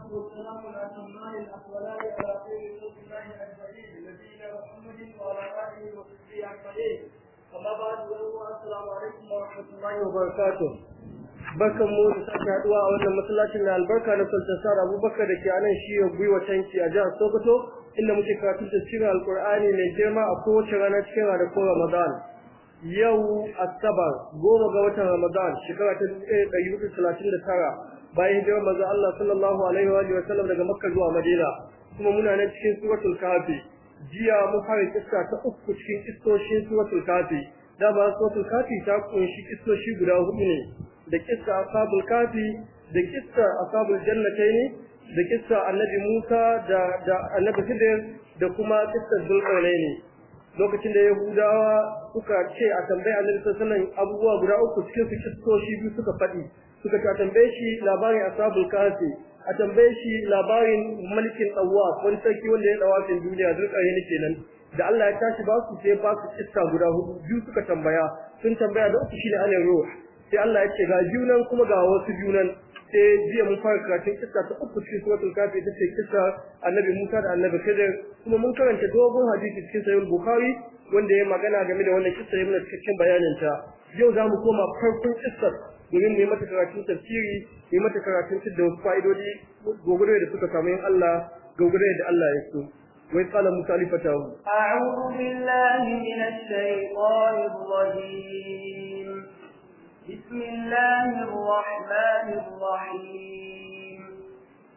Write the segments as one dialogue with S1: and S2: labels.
S1: والصلاة والسلام الأتمان الأفضلان على خير خلق الله أجمعين نبينا محمد وعلى آله وصحبه أجمعين أما بعد السلام عليكم ورحمة الله وبركاته barkan mu da sake haduwa a wannan masallacin na albarka na Sultan Abubakar da ke nan shi ya gwiwa tanki a jihar Sokoto inda muke karatu da cikin Alkur'ani mai girma a kowace rana cikin ranakun Ramadan yau Asabar goma ga watan Ramadan shekara ta 1439 bayan hijirar manzon Allah sallallahu alaihi wa sallam daga Makka zuwa Madina kuma muna nan cikin suratul kafi jiya mun fara kissa ta uku cikin kissoshin suratul kafi dama suratul kafi ta kunshi kissoshi guda hudu ne da kissa ashabul kafi da kissa ashabul ne da kissa annabi Musa da da annabi Khidir da kuma kissa ne. lokacin da Yahudawa suka ce a tambayi annabi sallallahu alaihi wasallam abubuwa guda uku cikin su kissoshi biyu suka faɗi suka ta tambaye shi labarin asabul kafi a tambaye shi labarin mulkin awwa wani sarki wanda ya cikin duniya zurkare ne kenan da Allah ya tashi ba su sai ba su iska guda hudu biyu suka tambaya sun tambaya da uku shine anan ruh sai Allah ya ce ga junan kuma ga wasu junan sai jiya mun fara karatun kissa ta uku cikin suratul kafi ta ce kissa annabi Musa da annabi Khidir kuma mun karanta dogon hadisi cikin sahih bukhari wanda ya magana game da wannan kissa ya mana cikakken bayanin ta yau zamu koma farkon kissar domin mu yi mata karatun tafsiri mu yi mata karatun da wasu fa'idodi gogoro da suka samu yin Allah gogoro da Allah ya so wai tsala musa li fatahu
S2: a'udhu billahi bismillahir rahmanir rahim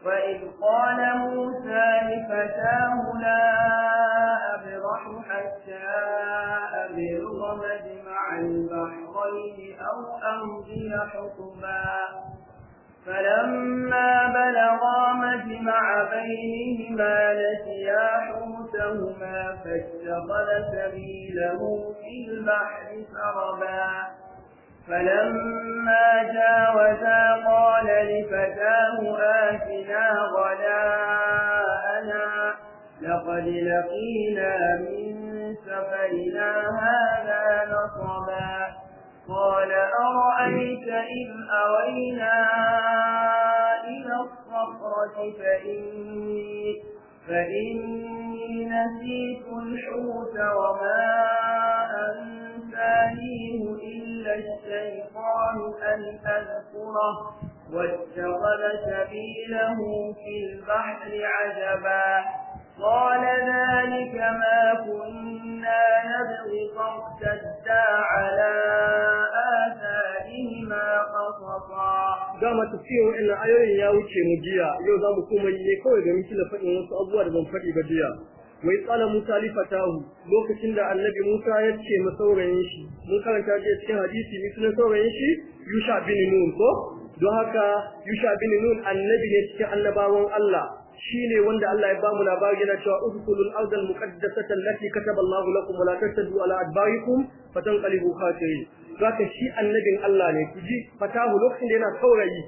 S2: wa qala musa li fatahu la حكما فلما بلغا مجمع بينهما نسيا حوتهما فاتخذ سبيله في البحر سربا فلما جاوزا قال لفتاه آتنا غداءنا لقد لقينا من سفرنا هذا نصبا قال أرأيت إذ أوينا إلى الصخرة فإني, فإني نسيت الحوت وما أنسانيه إلا الشيطان أن أذكره واتخذ سبيله في البحر عجبا قال ذلك ما كنا نبغي فارتدا على آثارهما قصصا
S1: dama tafsirin wa'annan ayoyin ya wuce mu jiya yau za mu koma yi kawai da miki da faɗin wasu abubuwa da ban faɗi ba jiya wai tsala musa lifatahu lokacin da annabi musa ya ce ma saurayin shi mun karanta jiya cikin hadisi ni sunan saurayin shi yusha bin nun ko don haka yusha bin nun annabi ne cikin annabawan allah shine wanda Allah ya bamu labari yana cewa udkhulul ardal muqaddasata allati kataba Allahu lakum wa la tashaddu ala adbarikum fatanqalibu khatirin zaka shi annabin Allah ne kuji fatahu lokacin da yana saurayi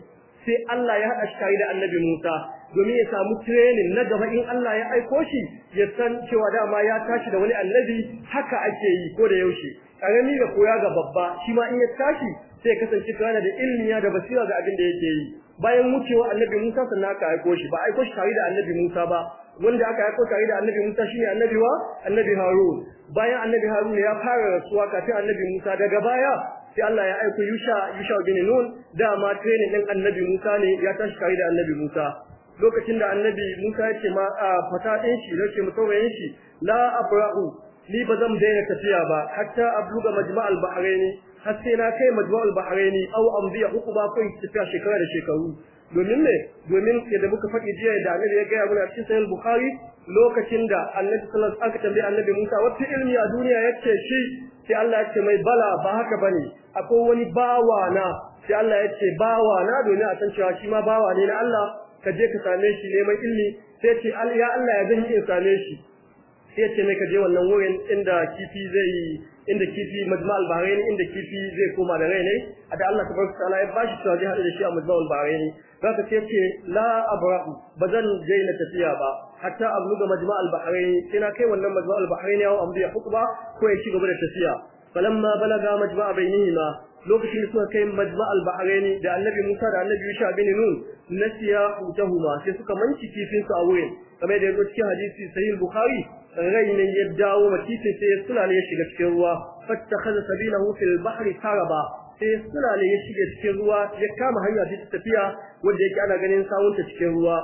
S1: sai Allah ya hada shi da annabi Musa domin ya samu training na gaba in Allah ya aiko shi ya san cewa dama ya tashi da wani annabi haka ake yi ko da yaushe karami ga koya ga babba shi ma in ya tashi sai kasance kana da ilmiya da basira ga abin da yake yi bayan wucewa annabi Musa sannan aka aiko shi ba aiko shi tare da annabi Musa ba wanda aka aiko tare da annabi Musa shine annabi wa annabi Harun bayan annabi Harun ya fara rasuwa kafin annabi Musa daga baya sai Allah ya aiko Yusha Yusha bin Nun da ma training din annabi Musa ne ya tashi tare da annabi Musa lokacin da annabi Musa ya ce ma fata din shi ma mutawayen shi la abrahu ni ba zan daina tafiya ba hatta abluga majma'al bahrain har sai na kai majmu'ul bahraini aw anbiya uku ba kun tafiya shekara da shekaru domin ne domin da muka faɗi jiya da annabi ya gaya mana cikin sahih bukhari lokacin da annabi sallallahu alaihi wasallam aka tambaye annabi Musa wata ilmi a duniya yace shi sai Allah yace mai bala ba haka bane akwai wani bawa na sai Allah yace bawa na domin a san cewa shi ma bawa ne na Allah ka je ka same shi neman ilmi sai ce ya Allah ya zan in same shi sai ce mai ka je wannan wurin inda kifi zai yi. inda kifi majma'al bahrain inda kifi zai koma da rai ne da Allah tabaraka ta'ala ya bashi cewa zai hadu da shi a majma'al bahrain ka ce ce la abrahu bazan daina tafiya ba hatta abluga majma'al bahrain sai na kai wannan majma'al bahrain ya amdu ya hukba ko ya ci gaba da tafiya falamma balaga majma'a bainihima lokacin da suka kai majma'al bahrain da annabi Musa da annabi yusha bin Nun nasiya hutahuma sai suka manci kifin su a wurin kamar da yake cikin hadisi sahih Bukhari rai ne ya dawo makifi sai ya sulale ya shiga cikin ruwa fattakhadha sabilahu fil bahri taraba sai ya sulale ya shiga cikin ruwa ya kama hanya ta tafiya wanda yake ana ganin ta cikin ruwa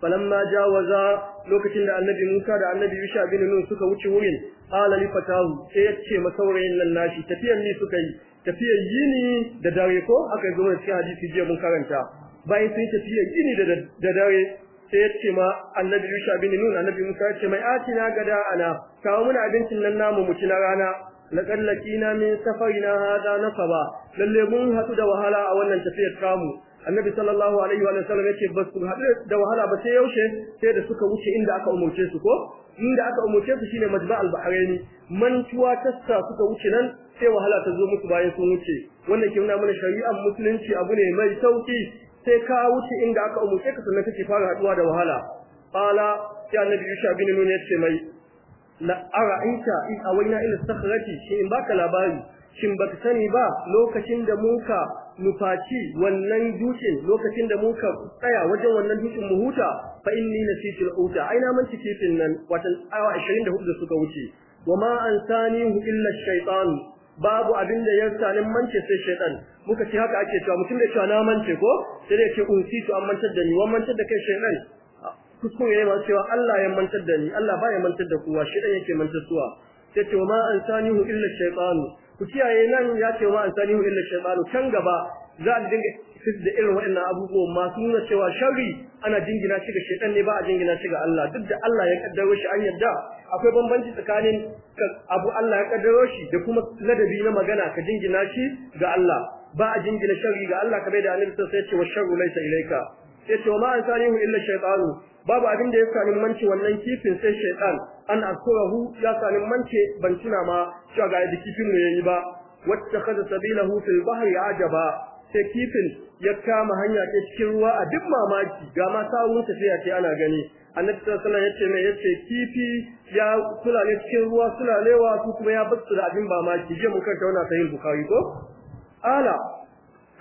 S1: falamma jawaza lokacin da annabi Musa da annabi Yusha bin Nun suka wuce wurin qala li fatahu sai ya ce masaurayin nan nashi tafiyan ne suka yi tafiyar yini da dare ko aka zo cikin hadisi jiya mun karanta bayan sun tafiyar yini da dare sai yace ma annabi Yusha bin Nun annabi Musa yace mai atina gada ana kawo mana abincin nan namu mu ci na rana laqad laqina min safarina hada nasaba lalle mun hadu da wahala a wannan tafiyar kamu annabi sallallahu alaihi wa sallam yace basu ku hadu da wahala ba sai yaushe sai da suka wuce inda aka umurce su ko inda aka umurce su shine majba al-bahraini mantuwa tassa suka wuce nan sai wahala ta zo musu bayan sun wuce wannan ke nuna mana shari'ar musulunci abu ne mai sauki sai ka wuce inda aka umurce ka sannan kake fara haduwa da wahala qala ya annabi yusha bin nun yace mai la ara'aita in awaina ila sakhrati shi in baka labari shin baka sani ba lokacin da muka nufaci wannan dutse lokacin da muka tsaya wajen wannan dutsen mu huta fa inni nasitu al-uta aina man tikifin nan watan awa 24 da suka wuce wama ansanihu illa ash-shaytan babu abin da ya sanin mance sai shaytan muka ci haka ake cewa mutum da cewa na mance ko sai da unsi to an mantar da ni wan mantar da kai shaytan kuskure ne ba cewa Allah ya mantar da ni Allah ba ya mantar da kowa shaytan yake mantar suwa sai ce ma ansanihu illa shaytan ku kiyaye nan ya ce ma ansanihu illa shaytan kan gaba za a dinga da irin waɗannan abubuwan masu nuna cewa shari ana jingina shi ga shaytan ne ba a jingina shi ga Allah duk da Allah ya kaddaro shi an yadda akwai bambanci tsakanin abu Allah ya kaddaro shi da kuma ladabi na magana ka jingina shi ga Allah ba a jingina sharri ga Allah ka bai da Annabi sai ya ce wa sharru laysa ilayka yace ce ma sanihu illa shaytanu babu abin da ya sani manci wannan kifin sai shaytan an asurahu ya sani mance ban tuna ma cewa ga da kifin ne yayi ba Wacce Sabila sabilahu fil bahri ajaba sai kifin ya kama hanya ta cikin ruwa a duk mamaki ga ma tafiya ce ana gani annabi sallallahu alaihi wasallam yace mai yace kifi ya kula ne cikin ruwa suna lewa su kuma ya basu da abin mamaki je mun karanta wannan sahih bukhari ko ala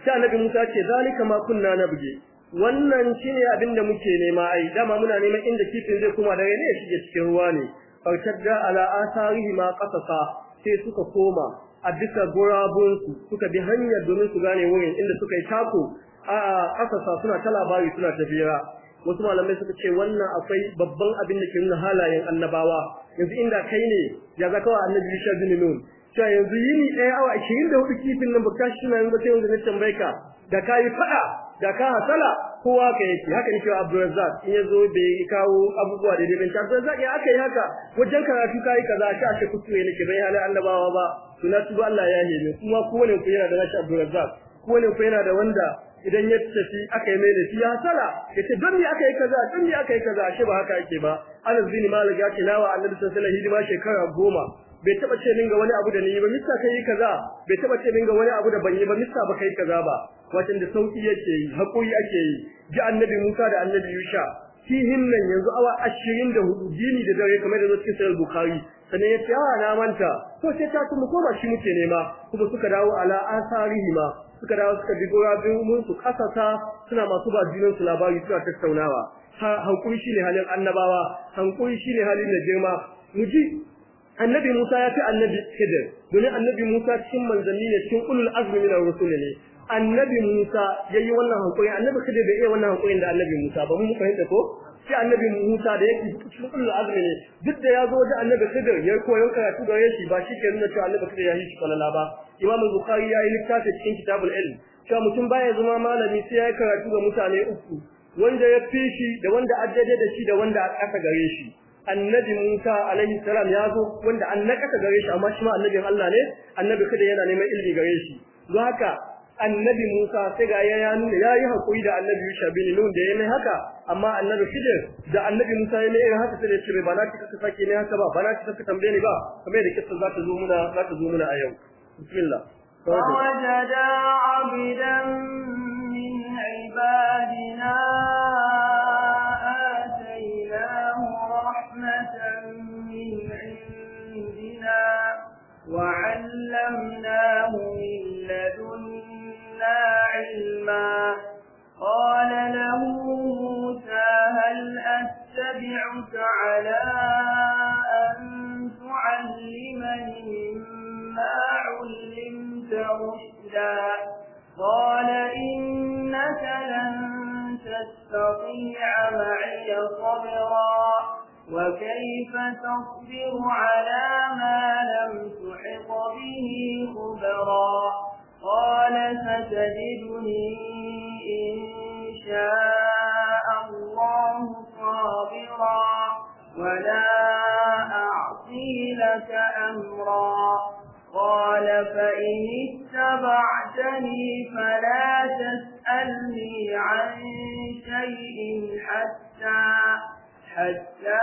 S1: sai annabi Musa ce zalika ma kunna na buge. wannan shine abin da muke nema ai dama muna neman inda kifin zai kuma da ne shige cikin ruwa ne fartadda ala asarihi ma qasasa sai suka koma a bisa gurabunsu suka bi hanyar domin su gane wurin inda suka yi tako a asasa suna ta labari suna tafiya wasu malamai suka ce wannan akwai babban abin da ke nuna halayen annabawa yanzu inda kai ne ya zaka wa annabi Isa bin Nun ta yanzu yini ɗaya awa ashirin da hudu kifin nan baka shi nan ba sai yanzu na tambaye ka da ka yi faɗa da ka hasala kowa ka yake haka ne cewa Abdulrazzaq in ya zo bai kawo abubuwa da dai ta Abdulrazzaq ya aka yi haka wajen karatu ka yi kaza shi ashe ne nake bai halin annabawa ba suna tuba Allah ya yi ne kuma kowane ku yana da nashi Abdulrazzaq kowane ku yana da wanda idan ya tafi aka yi mai da ya hasala ya ce don me aka yi kaza don me aka yi kaza ashe ba haka yake ba Allah bin Malik ya ce nawa Annabi sallallahu alaihi wasallam hidima shekara goma bai taba ce min ga wani abu da ni ba mista kai kaza bai taba ce min ga wani abu da ban yi ba mista ba kai kaza ba wato da sauki yake yi hakuri ake yi ji annabi Musa da annabi Yusha shi nan yanzu awa 24 dini da dare kamar da zo cikin sahih Bukhari sannan ce a ah, na manta ko sai ta kuma koma shi muke nema kuma suka dawo ala ma. suka dawo suka bi gora bin mun su kasata suna masu ba dinin su labari suna tattaunawa hankuri shine halin annabawa hankuri shine halin da girma muji annabi Musa ya fi annabi Khidir domin annabi Musa cikin manzanni ne cikin ulul azmi min ar-rusul ne annabi Musa ya yi wannan hankuri annabi Khidir bai iya wannan hankurin da annabi Musa ba mun fahimta ko sai annabi Musa da yake cikin ulul azmi ne duk da ya zo da annabi Khidir ya koyon karatu da yashi ba shi ke nuna cewa annabi Khidir ya yi shi falala ba Imam Bukhari ya yi littafi cikin Kitabul Ilm cewa mutum baya zama malami sai ya karatu ga mutane uku wanda ya fi shi da wanda addade da shi da wanda a ƙasa gare shi annabi Musa alaihi salam ya zo wanda an nakasa gare shi amma shi ma annabin Allah ne annabi kada yana neman ilmi gare shi don haka annabi Musa sai ga ya nuna ya yi hakuri da annabi Yusha bin Nun da ya mai haka amma annabi Khidir da annabi Musa ya mai irin haka sai ya ce ba na kika sake ne haka ba ba na kika tambaye ni ba kamar da kissa za ta zo muna za ta zo muna a yau bismillah فوجدا عبدا
S2: من عبادنا وعلمناه من لدنا علما قال له موسى هل أتبعك على أن تعلمني مما علمت رشدا قال إنك لن تستطيع معي صبرا وكيف تصبر على ما لم تحط به خبرا قال ستجدني إن شاء الله صابرا ولا أعصي لك أمرا قال فإن اتبعتني فلا تسألني عن شيء حتى
S1: حتى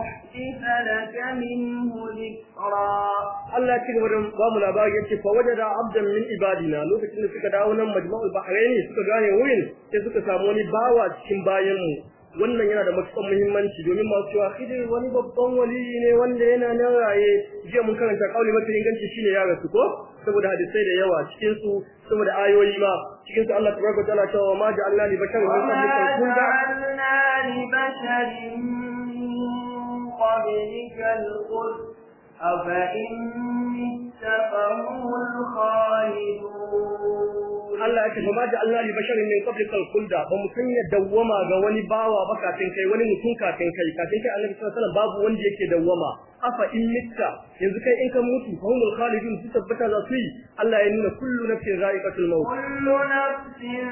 S2: أحدث لك منه
S1: ذكرا الله يتكلم ورم ibadina, lokacin da فوجد عبدا من عبادنا لو كنت سكا داونا مجمع البحرين سكا غاني وين سكا ساموني باوا cikin bayanmu wannan yana da matuƙar muhimmanci domin masu cewa khidir wani babban waliyi ne wanda yana nan raye jiya mun karanta kauli mafi inganci shine ya rasu ko saboda hadisai da yawa cikin su saboda ayoyi ma cikin su Allah tabaraka ta'ala cewa ma ja'alna li basharin min qablika khulda ja'alna li basharin
S2: قبلك الخلد
S1: أفإن
S2: مت فهم الخالدون Allah ya ce fa
S1: ma ja'alna li basharin min qablika al-khulda ba mu sanya dawwama ga wani bawa ba kafin kai wani mutum kafin kai kafin kai Annabi sallallahu alaihi wasallam babu wanda yake dawwama afa in mitta yanzu kai in ka mutu faulul humul khalidun su tabbata za su yi Allah ya nuna kullu nafsin za'iqatul maut
S2: kullu nafsin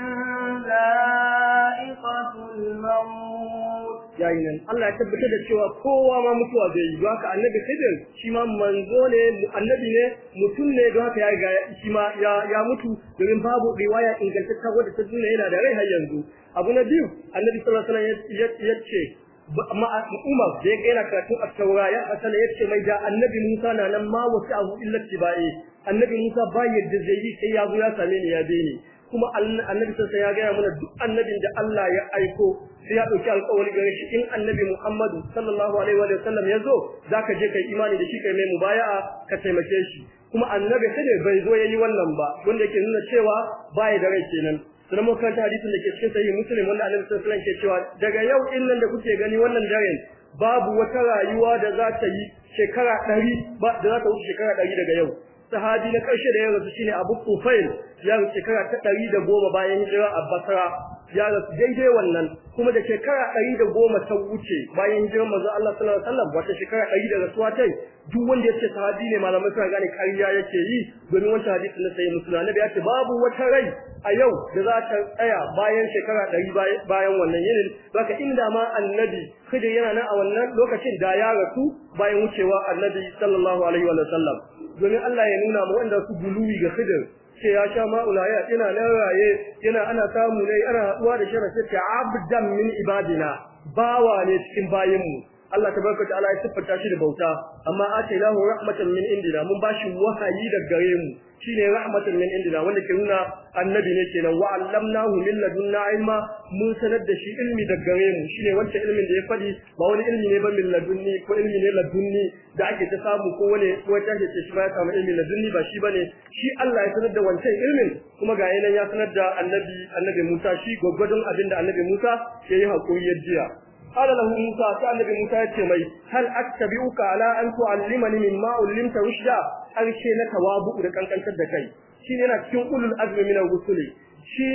S2: za'iqatul maut
S1: yayin nan Allah ya tabbata da cewa kowa ma mutuwa zai yi haka annabi sidin shi ma manzo ne annabi ne mutum ne don haka ya ga shi ma ya mutu domin babu riwaya ingantacciya wadda ta nuna yana da rai har yanzu abu na biyu annabi sallallahu alaihi wasallam ya ce Umar da ya gaina karatun a taura ya hasala ya ce mai da annabi Musa na nan ma wasu abu illa tibaye annabi Musa ba yadda zai yi sai ya zo ya same ni ya bi ni kuma annabi sai ya gaya mana duk annabin da Allah ya aiko sai ya ɗauki alƙawari gare shi in annabi Muhammadu sallallahu alaihi wa sallam ya zo za ka je kai imani da shi kai mai mubaya'a ka taimake shi kuma annabi sai bai zo ya wannan ba wanda yake nuna cewa baya da rai kenan sun mu kanta hadisin da ke cikin sahih muslim wanda annabi sallallahu alaihi wasallam ke cewa daga yau din nan da kuke gani wannan daren babu wata rayuwa da za ta yi shekara 100 ba da za ta wuce shekara 100 daga yau sahabi na karshe da ya rasu shine Abu Kufail ya wuce shekara ta 110 bayan hijira a Basra ya rasu daidai wannan kuma da shekara ɗari da goma ta wuce bayan jiran manzon Allah sallallahu alaihi wasallam wata shekara ɗari da rasuwa ta yi duk wanda yace sahabi ne malamai suna gane ƙarya yake yi domin wancan hadisi na sayi musulma annabi ya ce babu wata rai a yau da za ta tsaya bayan shekara ɗari bayan wannan yinin zaka inda ma annabi kada yana nan a wannan lokacin da ya rasu bayan wucewa annabi sallallahu alaihi wasallam domin Allah ya nuna mu wanda su guluwi ga khidir ce ya sha ma'ulaya ina na raye ina ana samu ne ana haɗuwa da shi rashi ta abdan min ibadina bawa ne cikin bayinmu Allah tabaraka ta'ala ya siffanta shi da bauta amma ataynahu rahmatan min indina mun bashi wahayi daga gare mu shine rahmatan min indina wanda ke nuna annabi ne kenan wa allamnahu min ladunna ilma mun sanar da shi ilmi daga gare mu shine wancan ilmin da ya fadi ba wani ilmi ne ba min ladunni ko ilmi ne ladunni da ake ta samu ko wani ko ta ce shi ba ya samu ilmi ladunni ba shi bane shi Allah ya sanar da wancan ilmin kuma ga yanan ya sanar da annabi annabi Musa shi gwaggwadon abin da annabi Musa ya yi haƙuri ya jiya قال له موسى قال النبي موسى yace mai hal attabi'uka ala an tu'allimani mimma ullimta rushda an ce na tawabu da kankantar da kai shi yana cikin ulul azumi min rusuli shi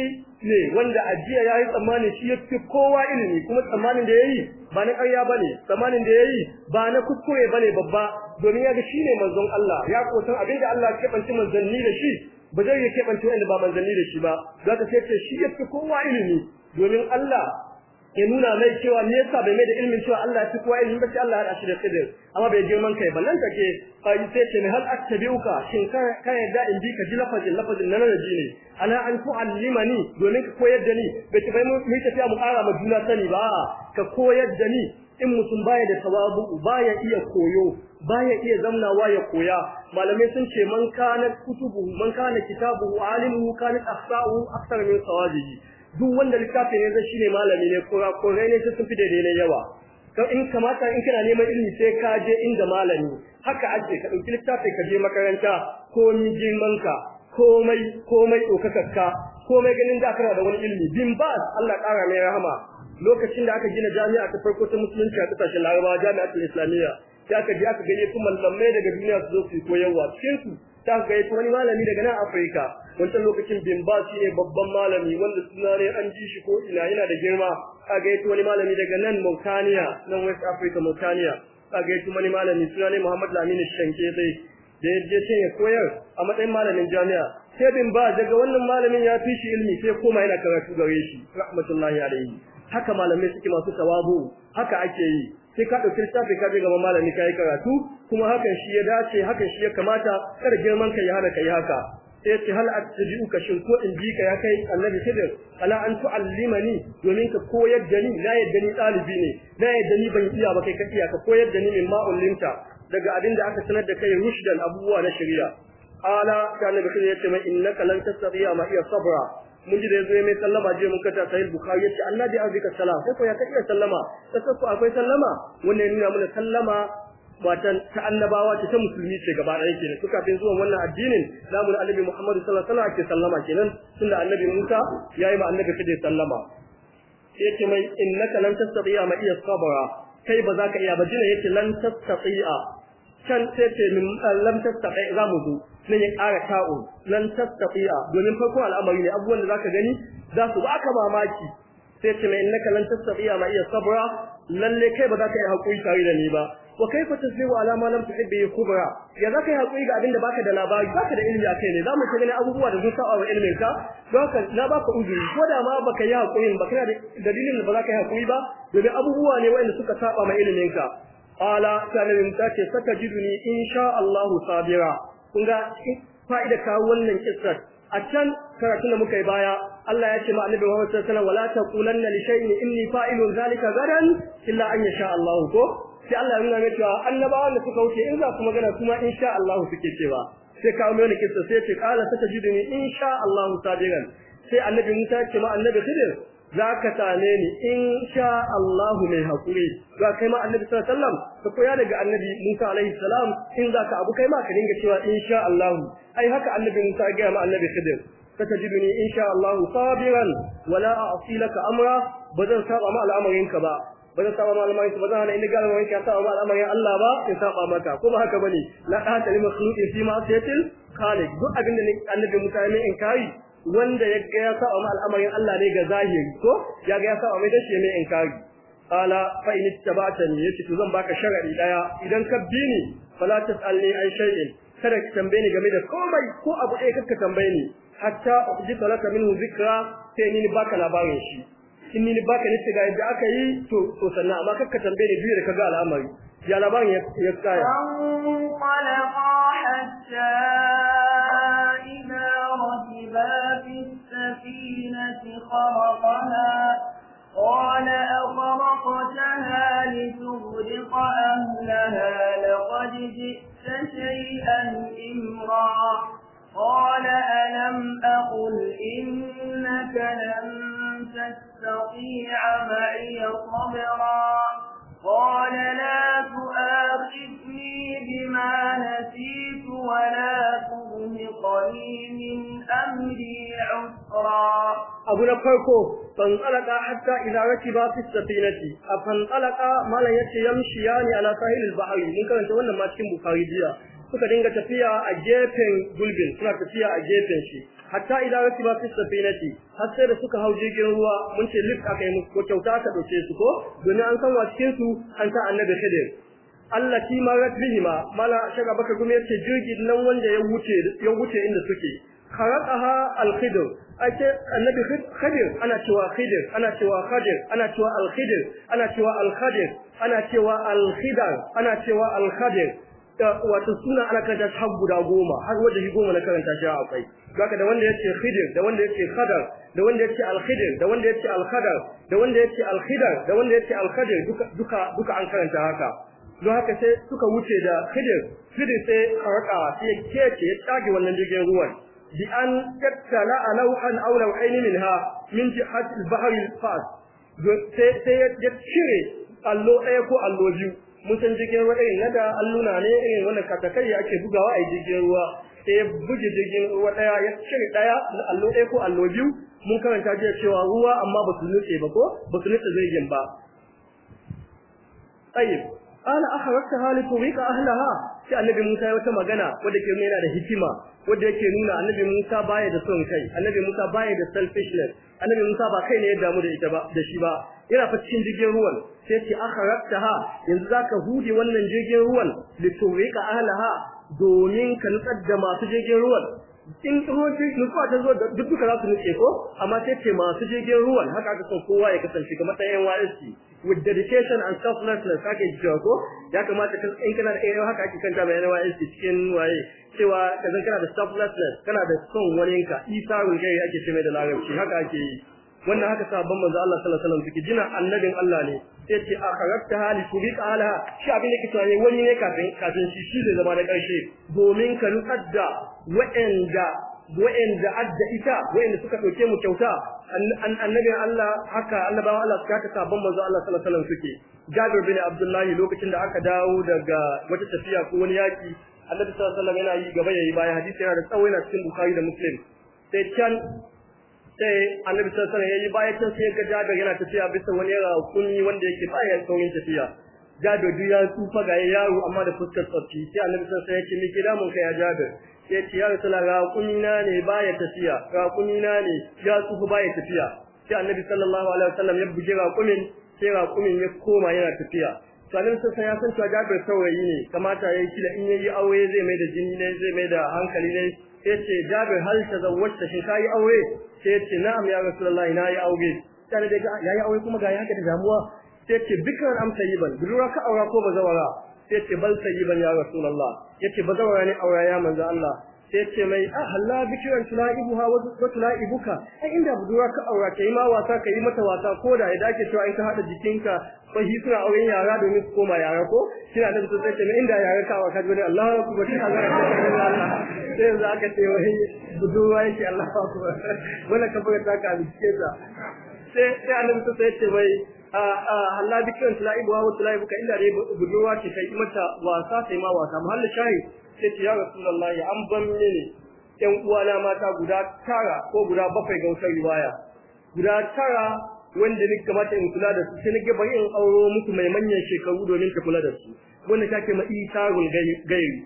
S1: ne wanda ajiya yayi tsammani shi fi kowa ilimi kuma tsammanin da yayi ba na ƙarya bane tsammanin da yayi ba na kuskure bane babba domin ga shi ne manzon Allah ya kosan da Allah ya kebanci manzanni da shi ba zai ya kebanci wanda ba manzanni da shi ba zaka sai ce shi yafi kowa ilimi domin Allah ya nuna mai cewa me yasa bai mai da ilmin cewa Allah ya fi kowa ilmin bace Allah ya hada da sidin amma bai girman kai ballan take fa yi sai ce ne hal attabi'uka shin ka ka yadda in bi ka ji lafazin lafazin nan da jini ana an tu'allimani domin ka koyar da ni bai tafi mu ta tafiya mu ƙara ma juna sani ba ka koyar da ni in mutum baya da tawabu baya iya koyo baya iya zamnawa ya koya malamai sun ce man kana kutubu man kana kitabu alimu kana ahsa'u akthar min sawabihi duk wanda littafi ne zai shine malami ne ko ko ne sai sun fi daidai ne yawa ka in kamata in kana neman ilimi sai ka je inda malami haka ake ka dauki littafi ka je makaranta ko ni ka komai komai dokakarka komai ganin da kana da wani ilimi bin ba Allah kara mai rahama lokacin da aka gina jami'a ta farko ta musulunci a kasashen Larabawa jami'a ta Islamiyya sai aka je aka gani kuma lamme daga duniya su zo su koyarwa cikin su ta ga wani malami daga nan Afirka wancan lokacin Bimbas shi ne babban malami wanda suna ne an ji shi ko ina yana da girma ta ga wani malami daga nan mautaniya nan West Africa mautaniya ta ga wani malami suna ne Muhammad Lamini Shanke sai da yaje ce ya koyar a matsayin malamin jami'a sai Bimbas daga wannan malamin ya fi shi ilimi, sai koma yana karatu gare shi rahmatullahi alaihi haka malamai suke masu tawabu haka ake yi sai ka dauki littafi ka je gaban malami kai karatu kuma hakan shi ya dace hakan shi ya kamata kada girman ka ya hana yi haka sai ce hal attabi'uka shin ko in bi ka ya kai annabi khidir ala an tu'allimani domin ka koyar da ni la yadda ni dalibi ne la yadda ni ban iya ba kai ka iya ka koyar da ni min ma daga abin da aka sanar da kai rushdan abubuwa na shari'a ala ta annabi khidir ya ce mai innaka lan tastati'a ma iya sabra mun ji da yazo ya mai sallama je mun kata sahih bukhari yace annabi azika salam sai ko ya ka iya sallama sai ko akwai sallama wannan nuna mana sallama watan ta annabawa ta musulmi ce gaba yake kenan su kafin zuwan wannan addinin zamu annabi Muhammad sallallahu alaihi wasallam ke sallama kenan tunda annabi Musa yayi ma annabi kada sallama yace mai innaka lan tastati'a ma iya sabara kai ba za ka iya ba jina yace lan tastati'a can sai ce min lam tastati za mu zo nan ya ƙara ta'u lan tastati'a domin farko al'amari ne abubuwan da zaka gani za su baka mamaki sai ce mai innaka lan tastati'a ma iya sabra lalle kai ba za ka yi hakuri tare da ni ba wa kaifa alama ala ma lam tuhibbi kubra ya za ka yi hakuri ga abinda baka da labari baka da ilimi akai ne za mu gani abubuwa da sun saba wa ilimin ka don ka na baka uzuri ko da ma baka yi hakuri ba kana da dalilin da ba za ka yi hakuri ba domin abubuwa ne wanda suka saba ma ilimin ka Wala sanin ta ce saka jiduni insha Allahu sabira kun ga fa'ida ka wannan kissa a can karatun da muka yi baya Allah ya ce ma annabi Muhammad sallallahu alaihi wasallam wala taqulanna in shay'in inni fa'ilun zalika gadan illa an yasha Allah ko sai Allah ya nuna cewa annabawan da suka wuce in za su magana kuma insha Allah suke cewa sai kawo mai kissa sai ce qala satajiduni insha Allah sabiran sai annabi Musa ya ce ma annabi Khidir za ka same ni in sha Allah mai hakuri to kai ma annabi sallallahu alaihi wasallam ka koya daga annabi Musa alaihi salam in za ka abu kai ma ka dinga cewa in sha Allah ai haka annabi Musa ya ga ma annabi Khidir satajiduni in sha Allah sabiran wala a'si laka amra bazan saba ma al'amarinka ba ba zan saba malamai ba zan hana inda gaba wani ka ma al'amarin Allah ba in saba maka kuma haka bane la ta talima khuluqi fi ma sayatil khaliq duk abin da annabi Musa ya mai inkari wanda ya ga ya saba al'amarin Allah ne ga zahiri ko ya ga ya saba mai dace mai inkari qala fa in ni yace to zan baka sharadi daya idan ka bi ni fala tasalni an shay'in kada ka tambaye ni game da komai ko abu ɗaya kaka tambaye ni hatta uji laka minhu zikra sai ni baka labarin shi in ni baka ni ga yadda aka yi to to sannan amma kaka tambaye ni biyu da kaga al'amari ya labarin ya tsaya
S2: an qala hatta خرقها قال أخرقتها لتغرق أهلها لقد جئت شيئا إمرا قال ألم أقل إنك لن تستطيع معي صبرا قال لا تؤاخذني بما نسيت ولا تغمقني من أمري عسرا
S1: أبو نفرقو فانطلق حتى إذا ركب في السفينة فانطلق ما لا يمشيان على ساحل البحر ممكن أن تقول ما تكون بخارجية suka dinga tafiya a gefen gulbin suna tafiya a gefen shi hatta idza ratiba fi safinati har sai da suka hau jirgin ruwa mun ce lift aka yi musu ko kyauta aka dauke su ko domin an san wace su an ta annabi khidir Allah ki ma ratbihima mala shaga baka gume yace jirgin nan wanda ya wuce ya wuce inda suke kharaqaha al-khidr ake annabi khidir ana cewa khidir ana cewa khadir ana cewa al-khidir ana cewa al-khadir ana cewa al-khidar ana cewa al-khadir wato suna ana karanta har guda goma har wanda shi goma na karanta shi akwai zaka da wanda yace khidir da wanda yace khadar da wanda yace al-khidir da wanda yace al-khadar da wanda yace al-khidar da wanda yace al-khadir duka duka duka an karanta haka don haka sai suka wuce da khidir khidir sai haraka sai kece ya tage wannan jirgin ruwan bi an tattala alawhan aw lawhayn minha min jihati al-bahr al-fas sai sai ya cire allo ɗaya ko allo biyu mun san jirgin ruwa irin na da alluna ne irin wannan katakai ake bugawa a jirgin ruwa sai ya buge jirgin ruwa daya ya cire daya allo ɗaya ko allo biyu mun karanta jiya cewa ruwa amma ba su nutse ba ko ba su nutse jirgin ba tayyib qala akhrajtaha li wika ahlaha sai annabi Musa ya wata magana wanda ke nuna da hikima wanda yake nuna annabi Musa baya da son kai annabi Musa baya da selfishness annabi Musa ba kai ne ya damu da ita ba da shi ba yana fa cikin jirgin ruwan sai ce ha, yanzu zaka hude wannan jirgin ruwan lituriqa ahlaha domin ka nutsar da masu jirgin ruwan in ne nutsuwa ta zo duk duka za su nutse ko amma sai ce masu jirgin ruwan haka aka so kowa ya kasance kamar ɗayan wa'azi with dedication and selflessness kake cewa ko ya kamata kan in kana da yau haka ake kanta bayan NYSC cikin waye cewa ka zan kana da selflessness kana da son waninka isa rulgai ake ce mai da larabci haka ake yi wannan haka sabon manzo Allah sallallahu alaihi wasallam jina annabin Allah ne sai ce akharabta hali kubi alaha shi abin da kike ne wani ne kafin kafin shi shi zai zama da karshe domin ka nutsar da wa'anda wa'anda adda ita wa'anda suka ɗauke mu kyauta annabin Allah haka annabawa Allah suka haka sabon manzo Allah sallallahu alaihi suke Jabir bin Abdullahi lokacin da aka dawo daga wata tafiya ko wani yaki Annabi sallallahu alaihi yana yi gaba yayi baya hadisi yana da tsawo yana cikin Bukhari da Muslim sai can sai Annabi sallallahu alaihi yayi baya can sai ga Jabir yana tafiya bisa wani rakuni wanda yake baya sauyin tafiya Jabir duk ya tsufa ga yaro amma da fuskar tsaffi sai Annabi sallallahu alaihi wasallam ya ce me ke damun ka ya Jabir ya ce ya rasula raƙumina ne ya tafiya raƙumina ne ya tsufa ya tafiya sai annabi sallallahu alaihi wasallam ya buge raƙumin sai raƙumin ya koma yana tafiya to annabi sai ya san cewa Jabir saurayi ne kamata yayi kila in yayi aure zai mai da jini ne zai mai da hankali ne sai ce Jabir hal tazawwajta ka yi aure sai ce na'am ya rasulullah na yi aure sai da yayi aure kuma ga ya ga damuwa sai ce bikran am tayyiban budura ka aura ko bazawara sai ce bal ban ya rasulullah yace ba zama ne aura ya manzo Allah sai ce mai ahalla bikiran tulaibuha wa tulaibuka a inda budura ka aura kai ma wasa kai mata wasa da ya dace cewa in ka hada jikinka ko shi suna auren yara domin su koma yara ko kina da su sai ce inda yara ka wasa gode Allahu akbar kina ga Allah sai yanzu aka ce wai budura yake Allahu akbar wala ka bar ta ka bice ta sai sai annabi sai ce mai Allah bi kan tulaibuwa wa ka inda dai budurwa ce kai mata wasa sai ma wasa mahalla shayi sai ce ya rasulullahi an ban mini ƴan uwana mata guda tara ko guda bakwai ga wata riwaya guda tara wanda ni kamata in kula da su sai nake bari in auro muku mai manyan shekaru domin ta kula da su wanda take ma isarul gairi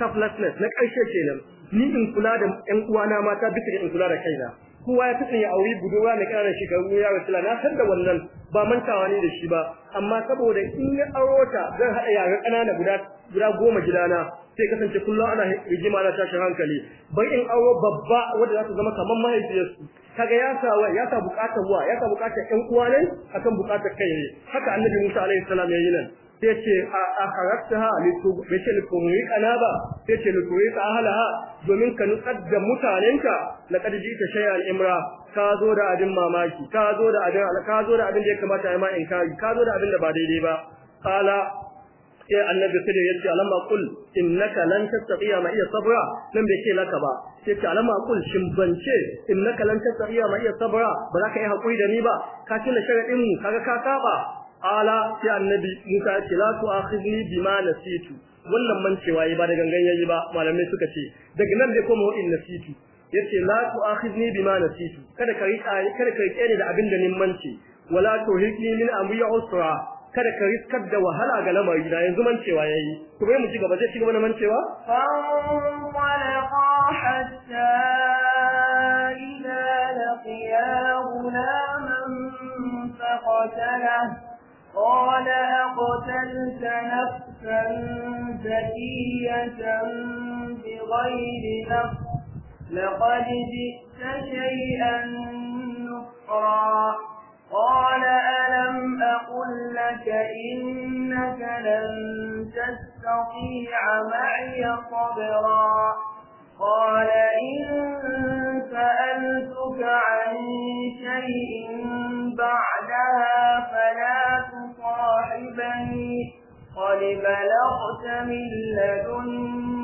S1: selflessness na ƙarshe kenan ni in kula da ƴan uwana mata duka in kula da kaina kowa ya fita ya auri budurwa mai ƙananan shekaru ya la, na san da wannan ba mantawa ne da shi ba amma saboda in ya auro ta zan haɗa yara kanana guda guda goma gidana sai kasance kullum ana rigima na tashin hankali bai in aure babba wanda za su zama kamar mahaifiyarsu kaga ya sa ya sa wa ya sa bukatar ƴan uwa ne akan bukatar kai ne haka annabi Musa alaihi salam ya yi nan sai ce a karattaha litu bace likumri kanaba sai ce likumri ahalaha domin ka nutsar da mutanenka laqad jita shay'an imra ka zo da abin mamaki ka zo da abin ka zo da abin da ya kamata ai ma in kai ka zo da abin da ba daidai ba qala sai annabi sai ya ce alamma qul innaka lan tastati'a ma iya sabra nan bai ce laka ba sai ce alamma qul shin bance innaka lan tastati'a ma iya sabra ba za ka yi hakuri da ni ba ka tuna sharadin mu kaga ka saba ala sai annabi Musa ya ce la tu akhidni bima nasitu wannan mancewa yi ba da gangan yayi ba malamai suka ce daga nan dai koma wa'in nasitu yace la tu akhidni bima nasitu kada ka rika kada ka rike ni da abin da ni mance wala tuhikni min amri usra kada ka riskar da wahala ga lamari da yanzu mancewa yayi kuma mu ci gaba zai ci gaba da mancewa
S2: fa qalaqa hatta idza laqiya ghulaman faqatalahu قال أقتلت نفسا زكية بغير نفس لقد جئت شيئا نفرا قال ألم أقل لك إنك لن تستطيع معي صبرا قال إن سألتك عن شيء بعدها فلا صاحبي قد بلغت من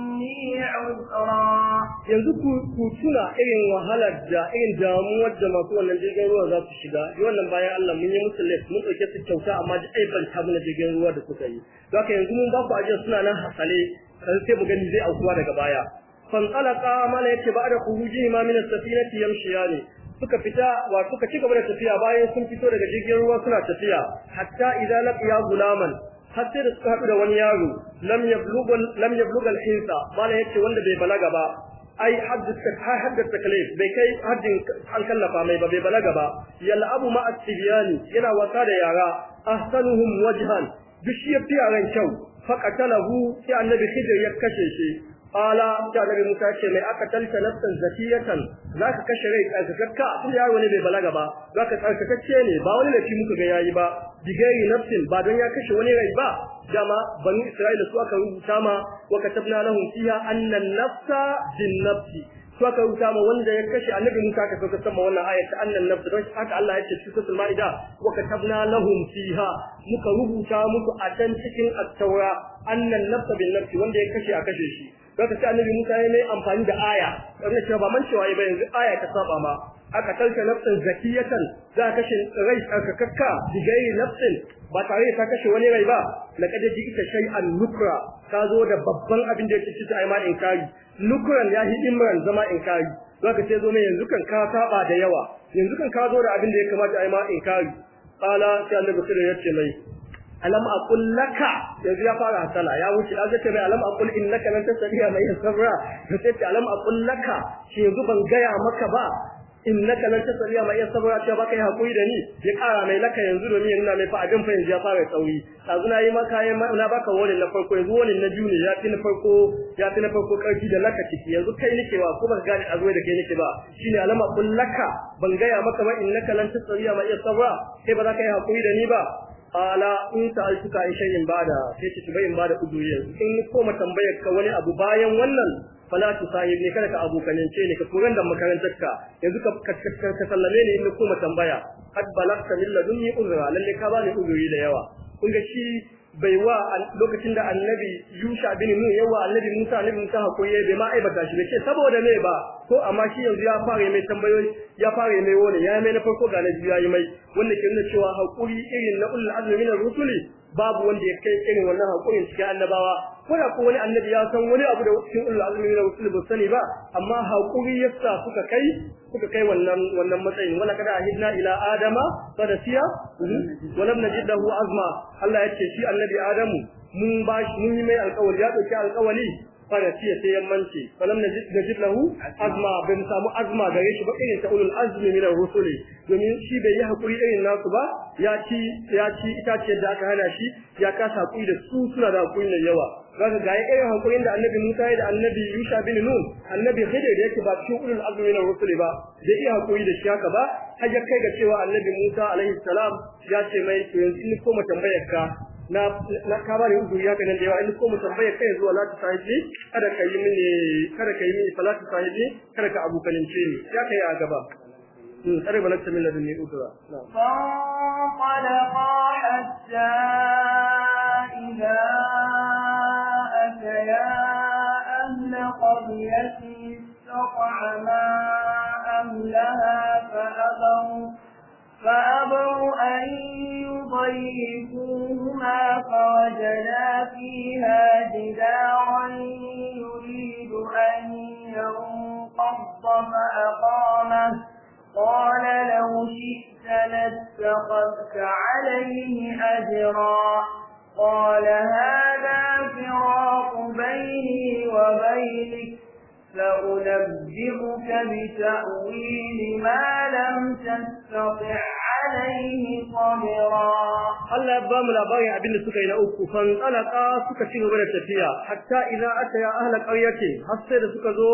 S1: yanzu ku tuna irin wahalar da irin damuwar da masu wannan jirgin ruwa za su shiga wannan bayan Allah mun yi musu laifi mun ɗauke su kyauta amma duk ai ban na jirgin ruwa da kuka yi don haka yanzu mun ba ku ajiyar suna nan hasale kan sai mu gani zai aukuwa daga baya fantalaka mala yake ba da kuhuji ma min as-safinati ne. suka fita wa suka ci gaba da tafiya bayan sun fito daga jirgin ruwa suna tafiya hatta idza laqiya gulaman har sai da suka haɗu da wani yaro lam yablugha lam yablugha hinsa mala yace wanda bai balaga ba ai haddar taklif bai kai haddin kallafa mai ba bai balaga ba yal'abu ma at-tibyani yana wasa da yara ahsanuhum wajhan duk shi yafi yaran kyau faqatalahu sai annabi hijr ya kashe shi qala ta nabi Musa ce mai aka talta nafsan zakiyatan zaka kashe rai tsarkakakka tun yayi wani bai balaga ba zaka tsarkakacce ne ba wani laifi muka ga yayi ba bigayi nafsin ba don ya kashe wani rai ba dama bani Isra'ila su aka rubuta ma wa katabna lahum fiha anna nafsa bin-nafsi su aka rubuta ma wanda ya kashe annabi Musa ka sauka sama wannan ayat annan nafsu don haka Allah ya ce cikin suratul Maida wa katabna lahum fiha muka rubuta muku a can cikin at-taura annan nafsa bin-nafsi wanda ya kashe a kashe shi Daga ce annabi Musa ya yi amfani da aya, wannan cewa ba mancewa ba, yanzu aya ta saba ma. Aka talta nafsin zakiyatan za ka kashe rai kakka bigayi nafsin ba tare da ta kashe wani rai ba. Na ita shay an nukra ka zo da babban abin da yake cikin ayi in kai Nukran ya hi imran zama in inkari. Zaka ce zo mai yanzu kan ka saba da yawa. Yanzu kan ka zo da abin da ya kamata ayi in kai Qala sai annabi sallallahu alaihi wasallam ya mai alam aqul laka yanzu ya fara hasala ya wuce ya ce mai alam aqul innaka lan tasbiya mai sabra sai ce alam aqul laka shi yanzu ban gaya maka ba innaka lan tasbiya mai sabra ce baka yi hakuri da ni ya kara mai laka yanzu domin yana mai fa abin fa yanzu ya fara tsauri yanzu na yi ma na baka wani na farko yanzu wani na juni ya fi na farko ya fi na farko karfi da laka ciki yanzu kai nake wa ko baka gane azuwa da kai nake ba shine alam aqul laka ban gaya maka ba innaka lan tasbiya mai sabra kai ba za ka yi hakuri da ni ba qala in sa'altuka an shay'in bada sai ce in bada uduriyar in koma tambayar ka wani abu bayan wannan fala tu sahib ne kada ka abokanance ne ka koran da makarantar ka yanzu ka ka sallame ne in koma tambaya kad balagta min ladunni uzra lalle ka bani uduri da yawa kun ga shi bai wa lokacin da annabi Yusha bin Nun ya wa annabi Musa annabi Musa hakuri bai ma aibata shi ne ce saboda me ba ko amma shi yanzu ya fara mai tambayoyi ya fara mai wani ya mai na farko ga na biyu ya yi mai wanda ke nuna cewa hakuri irin na ulul azmi min rusuli babu wanda ya kai irin wannan hakurin cikin annabawa ko da wani annabi ya san wani abu da cikin ulul azmi da ba sani ba amma hakuri yasa suka kai suka kai wannan wannan matsayin wala kada ahidna ila adama fadasiya wa lam azma Allah ya ce shi annabi adamu mun ba shi mun yi mai alƙawari ya dauki alƙawari farasiya sai yammanci falam najid lahu azma bin samu azma gare shi ba irin ta ulul azmi min rusuli domin shi bai yi hakuri irin nasu ba ya ci ya ci da aka hana shi ya kasa hakuri da su suna da hakuri mai yawa zaka ga irin hakurin da annabi Musa ya da annabi Yusha bin Nun annabi Khidir yake ba cikin ulul azmi min rusuli ba da iya hakuri da shi haka ba har ya kai ga cewa annabi Musa alaihi salam ya ce mai to yanzu ni koma tambayar ka na na kabarin duniya kanan da yawa in ko mu tambaya kai zuwa la ta sahibi kada ka yi mini kada ka yi mini salatu sahibi kada ka abokanince ni ya kai a gaba hmm, kare bala ta milla dunni udura
S2: فانطلقا فأبوا أن يضيفوهما فوجدا فيها جدارا يريد أن ينقض فأقامه قال لو شئت لاتخذت عليه أجرا قال هذا فراق بيني وبينك سأنبئك بتأويل ما لم تستطع عليه صبرا
S1: الله يبقى من أباري أبن سكين أكو فانطلق سكا تنغل التفيا حتى إذا أتيا أهل القرية حسد سكا ذو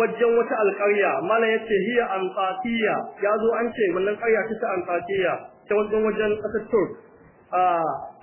S1: وجن وتأل القرية ما لا يتي هي أنطاكية يازو أنشي من القرية تسا أنطاكية توجن وجن أتترك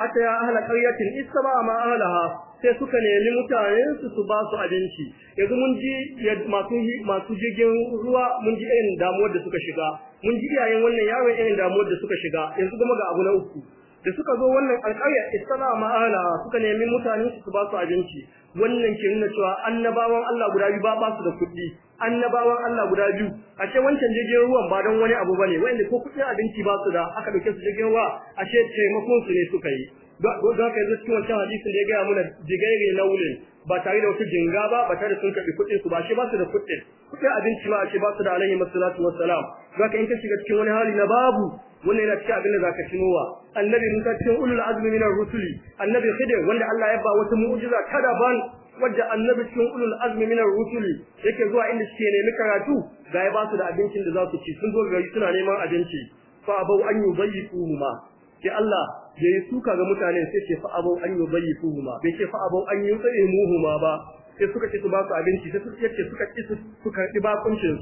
S1: أتيا أهل القرية إستمع ما أهلها sai suka nemi mutanensu su ba su abinci yanzu mun ji masu jirgin ruwa mun ji irin damuwar da suka shiga mun ji iyayen wannan yaron irin damuwar da suka shiga yanzu kuma ga abu na uku da suka zo wannan alƙarya istana ma'ala suka nemi mutane su ba su abinci wannan ke nuna cewa annabawan Allah guda biyu ba ba su da kuɗi annabawan Allah guda biyu ashe wancan jirgin ruwan ba don wani abu bane wanda ko kuɗin abinci ba su da aka dauke su jirgin ruwa ashe taimakon su ne suka yi don haka yanzu cikin wancan hadisin da ya gaya mana jigaire na wulin ba tare da wata jinga ba ba tare sun karɓi kuɗin su ba shi ba su da kuɗin kuɗin abinci ma ashe ba su da alaihi masallatu wassalam don haka in ka shiga cikin wani hali na babu wannan yana cikin abin da ka shinowa annabi musa cikin ulul azmi minar rusuli annabi khidir wanda Allah ya ba wata mu'jiza kada ban wadda annabi cikin ulul azmi minar rusuli yake zuwa inda suke nemi karatu ga ya ba su da abincin da za su ci sun zo gari suna neman abinci fa abau an yubayyiquhuma sai Allah ya yi suka ga mutane sai ce fa'abau an yi bayi fuhuma bai ce fa'abau an yi tsaye muhuma ba sai suka ce su ba su abinci sai suka ce suka ƙi su karɓi bakuncin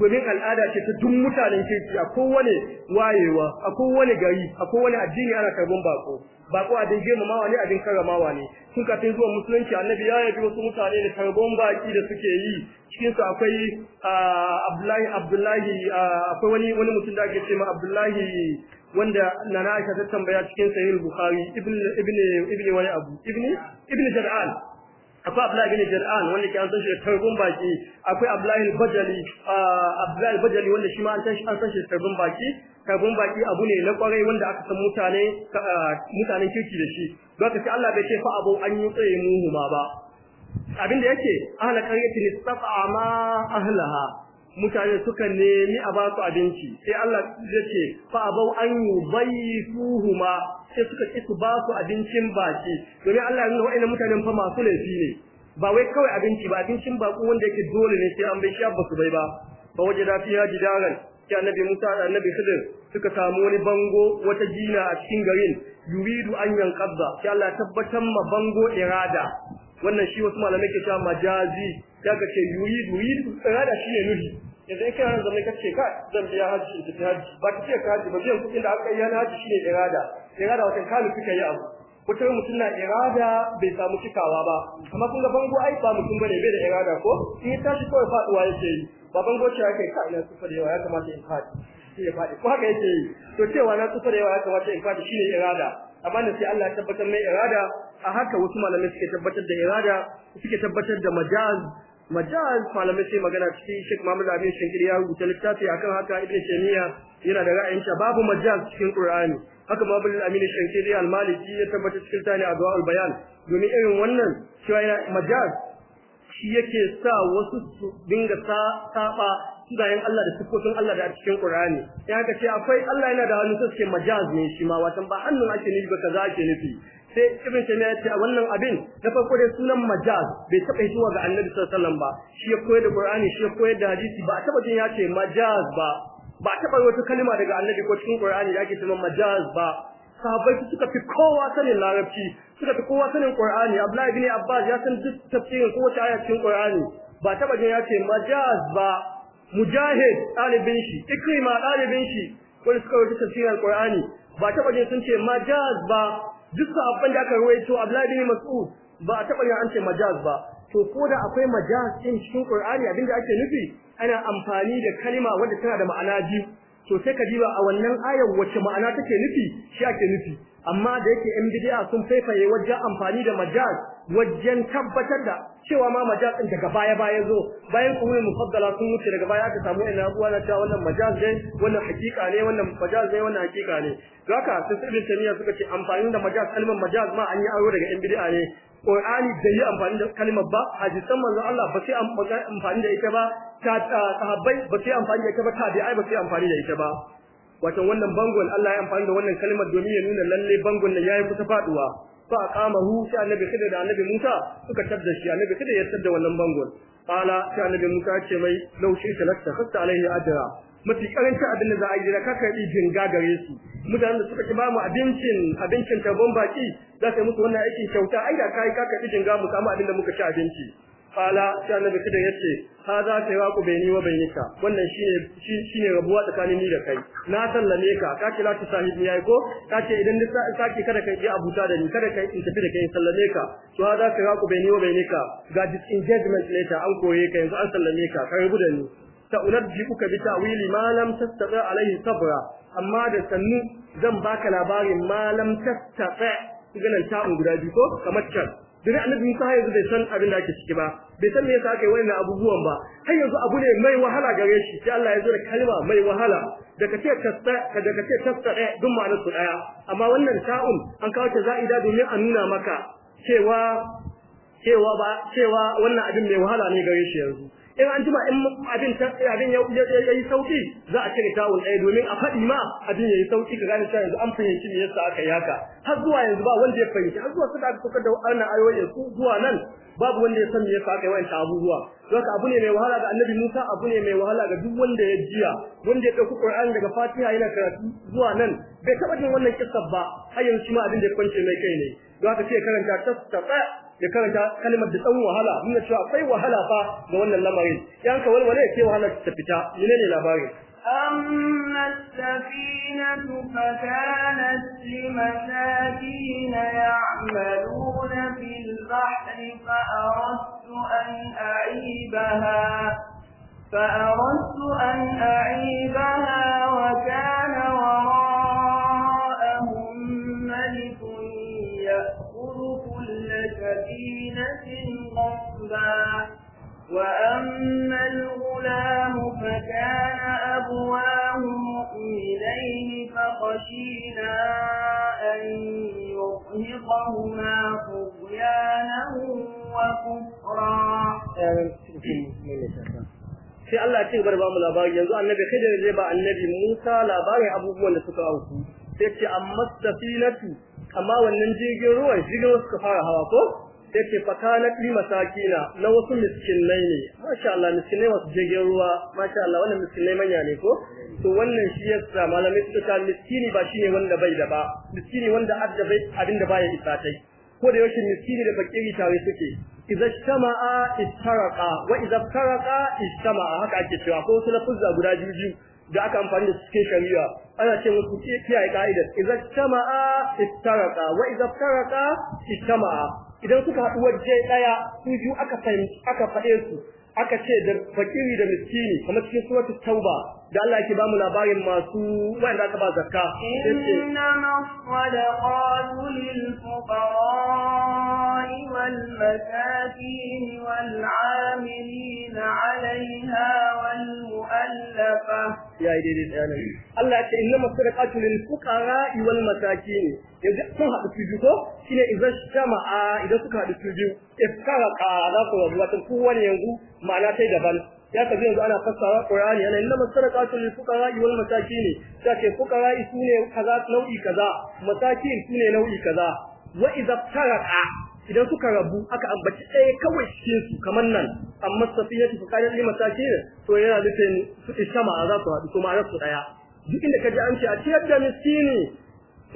S1: domin al'ada ce ta duk mutanen kirki a kowane wayewa a kowane gari a kowane addini ana karban bako bako abin girmamawa ne abin karamawa ne sun kafin zuwa musulunci annabi ya yabi wasu mutane da karban baki da suke yi cikinsu su akwai Abdullahi Abdullahi akwai wani mutum da ake ce ma Abdullahi wanda Nana Aisha ta tambaya cikin sahih Bukhari ibn ibn wani abu ibn ibn akwai Abdullahi bin Jar'an wanda ke an san shi da karbin baki akwai Abdullahi Bajali Abdullahi Bajali wanda shi ma an san shi an san shi da karbin baki karbin baki abu ne na kwarai wanda aka san mutane mutanen kirki da shi don haka sai Allah bai ce fa abu an yi tsaye ma ba abinda yake ahla qaryatin istata'a ma ahlaha mutane suka nemi a basu abinci sai Allah ya ce fa abau an yubaytuhuma sai suka ki su basu abincin baki domin Allah ya nuna wa'annan mutanen fa masu laifi ne ba wai kawai abinci ba abincin bako wanda yake dole ne sai an bai shi ba su bai ba Ba waje da fiya jidaran sai annabi Musa da annabi Khidir suka samu wani bango wata jina a cikin garin yuridu an yanqadda sai Allah tabbatar ma bango irada wannan shi wasu malamai ke cewa majazi daga ce yuridu yuridu irada shine nuhi idan kai nan zama kace ka zan biya haji da haji ba ka ce ka haji ba biyan kuɗin da aka yi na haji shine irada irada wata kalu kika yi abu mutum mutum na irada bai samu cikawa ba amma kun ga bango ai ba mutum bane bai da irada ko in ya tashi kawai faduwa yake yi ba bango ce yake ka ina sufa da yawa ya kamata in faɗi shi ya faɗi ko haka yake yi to cewa na sufa da yawa ya kamata in faɗi shine irada amma da sai Allah ya tabbatar mai irada a haka wasu malamai suke tabbatar da irada suke tabbatar da majaz Majal malamai sai magana cikin Sheikh abin Amin Shankiri ya rubuta littafi akan haka Ibn Taymiyyah yana da ra'ayin cewa babu majal cikin Qur'ani haka babu Amin Shankiri al-Maliki ya tabbata cikin tani Adwa'ul Bayan domin irin wannan cewa yana shi yake sa wasu su dinga saba sunayen Allah da sifofin Allah da a cikin Qur'ani sai aka ce akwai Allah yana da hannu suke majaz ne shi ma watan ba hannun ake nufi ba kaza ake nufi sai ibn taymiya ya ce a wannan abin da farko dai sunan majaz bai taba zuwa ga annabi sallallahu alaihi wasallam ba shi ya koyar da Qur'ani shi ya koyar da hadisi ba a taba jin ya ce majaz ba ba a taba wata kalma daga annabi ko cikin Qur'ani da ake cewa majaz ba sahabbai suka fi kowa sanin larabci suka fi kowa sanin Qur'ani Abdullahi ibn Abbas ya san duk tafsirin kowace aya cikin Qur'ani ba taba jin ya ce majaz ba mujahid ɗalibin shi ikrima ɗalibin shi wani suka rubuta tafsirin alqur'ani ba taba jin sun ce majaz ba duk abin da aka ruwaito Abdullahi bin Mas'ud ba a taba yin an ce majaz ba to ko da akwai majaz din cikin Qur'ani abinda ake nufi ana amfani da kalima wanda tana da ma'ana biyu to sai ka diba a wannan ayar wacce ma'ana take nufi shi ake nufi amma da yake yan bid'a sun faifaye wajen amfani da majaz wajen tabbatar da cewa ma majaz din daga baya baya zo bayan kuma mufaddala sun wuce daga baya aka samu ina abuwa na cewa wannan majaz ne wannan hakika ne wannan majaz ne wannan hakika ne haka sun ibn tamiya suka ce amfani da majaz kalmar majaz ma an yi aro daga yan bid'a ne Qur'ani bai yi amfani da kalmar ba hadisan manzo Allah ba sai amfani da ita ba sahabbai ba sai amfani da ita ba Ta ai ba sai amfani da ita ba wato wannan bangon Allah ya amfani da wannan kalmar domin ya nuna lalle bangon nan yayi kusa faduwa fa aqamahu sai annabi kida da annabi Musa suka tabda shi annabi kida ya tabda wannan bangon qala sai annabi Musa ya ce mai law shi ta khatta alaihi ajra mafi karanta abin da za a yi da kaka yi jinga gare su mutanen da suka ki ba mu abincin abincin tarbon baki za ka yi musu wannan aikin kyauta ai da kai kaka yi jinga mu samu abin da muka ci abinci qala sai annabi kidan yace hada taywaku baini wa bainika wannan shine shine rabuwa tsakanin ni da kai na sallame ka ka ce ta sahibi yayi ko ka ce idan da saki kada kai ji abuta da ni kada kai in tafi da kai sallame ka to hada taywaku baini wa ka? ga disengagement later an koye ka yanzu an sallame ka ka rubu da ni Ta kuka bi ta'wili ma lam tastati alayhi sabra amma da sannu zan baka labarin ma lam tastati ganin ta'un guda biyu ko kamar can dare annabi Musa yanzu bai san abin da ake ciki ba bai san me yasa aka yi wannan abubuwan ba har yanzu abu ne mai wahala gare shi sai Allah ya zo da kalma mai wahala da kace kasta ka da kace kasta ɗaya duk ma'anar su ɗaya amma wannan ta'un an kawo ta za'ida domin a nuna maka cewa cewa ba cewa wannan abin mai wahala ne gare shi yanzu in an jima in abin abin ya yi sauki za a cire tawul ɗaya domin a faɗi ma abin ya yi sauki ka gane cewa yanzu an fahimci ne yasa aka yaka har zuwa yanzu ba wanda ya fahimci har zuwa suka suka da wannan ayoyin su zuwa nan babu wanda ya san me yasa aka yi wannan abubuwa don haka abu ne mai wahala ga annabi Musa abu ne mai wahala ga duk wanda ya jiya wanda ya ɗauki Qur'ani daga Fatiha yana karatu zuwa nan bai taɓa jin wannan kissa ba har yanzu shi ma abin da ya kwance mai kai ne don haka sai karanta ta ya karanta kalmar da tsawon wahala nuna cewa akwai wahala fa ga wannan lamarin yanka walwale ya ce wahala ta fita menene labarin
S2: أما السفينة فكانت لمساكين يعملون في البحر فأردت أن أعيبها فأردت أن أعيبها وكان وراء قصبا وأما الغلام فكان أبواه مؤمنين فخشينا أن يرهقهما طغيانا وكفرا
S1: sai Allah ya ci gaba da bamu labari yanzu annabi Khidir zai ba annabi Musa labarin abubuwan da suka auku sai ce amma safinatu amma wannan jirgin ruwan jirgin suka fara hawa ko yace fa kanat li masakina na wasu miskinai ne masha Allah miskinai wasu jirgin ruwa masha Allah wannan miskinai manya ne ko to wannan shi sa malamai su ta miskini ba shine wanda bai da ba miskini wanda da bai abin da baya isa tai ko da yake miskini da fakiri tare suke idza shama'a istaraqa wa idza taraqa istama'a haka ake cewa ko su lafuzza guda jiji da aka amfani da suke shari'a ana ce musu kiyaye ka'idar idza shama'a istaraqa wa idza taraqa istama'a idan suka haɗu waje ɗaya su biyu aka aka faɗe su aka ce da fakiri da miskini kamar cikin suratul tauba da Allah yake ba mu labarin masu wanda aka ba zakka inna
S2: masadaqatu lil fuqara'i wal masakin wal 'amilin 'alayha wal mu'allafa
S1: ya yi daidai da yanayi Allah ya ce inna masadaqatu lil fuqara'i wal masakin yanzu sun haɗu su biyu ko shine idan jama'a idan suka haɗu su biyu ƙara za su rabu wata kowane yanzu ma'ana ta daban ya ka yanzu ana fassara Qur'ani ana inna masarakatu lil fuqara wal masakin ta ce fuqara su ne kaza nau'i kaza masakin su ne nau'i kaza wa idza taraka idan suka rabu aka ambaci ɗaya kawai cikin su kamar nan amma safiyatu fuqara lil masakin to yana nufin su ishama za su haɗu kuma rasu ɗaya duk inda ka ji an ce a ciyar da miskini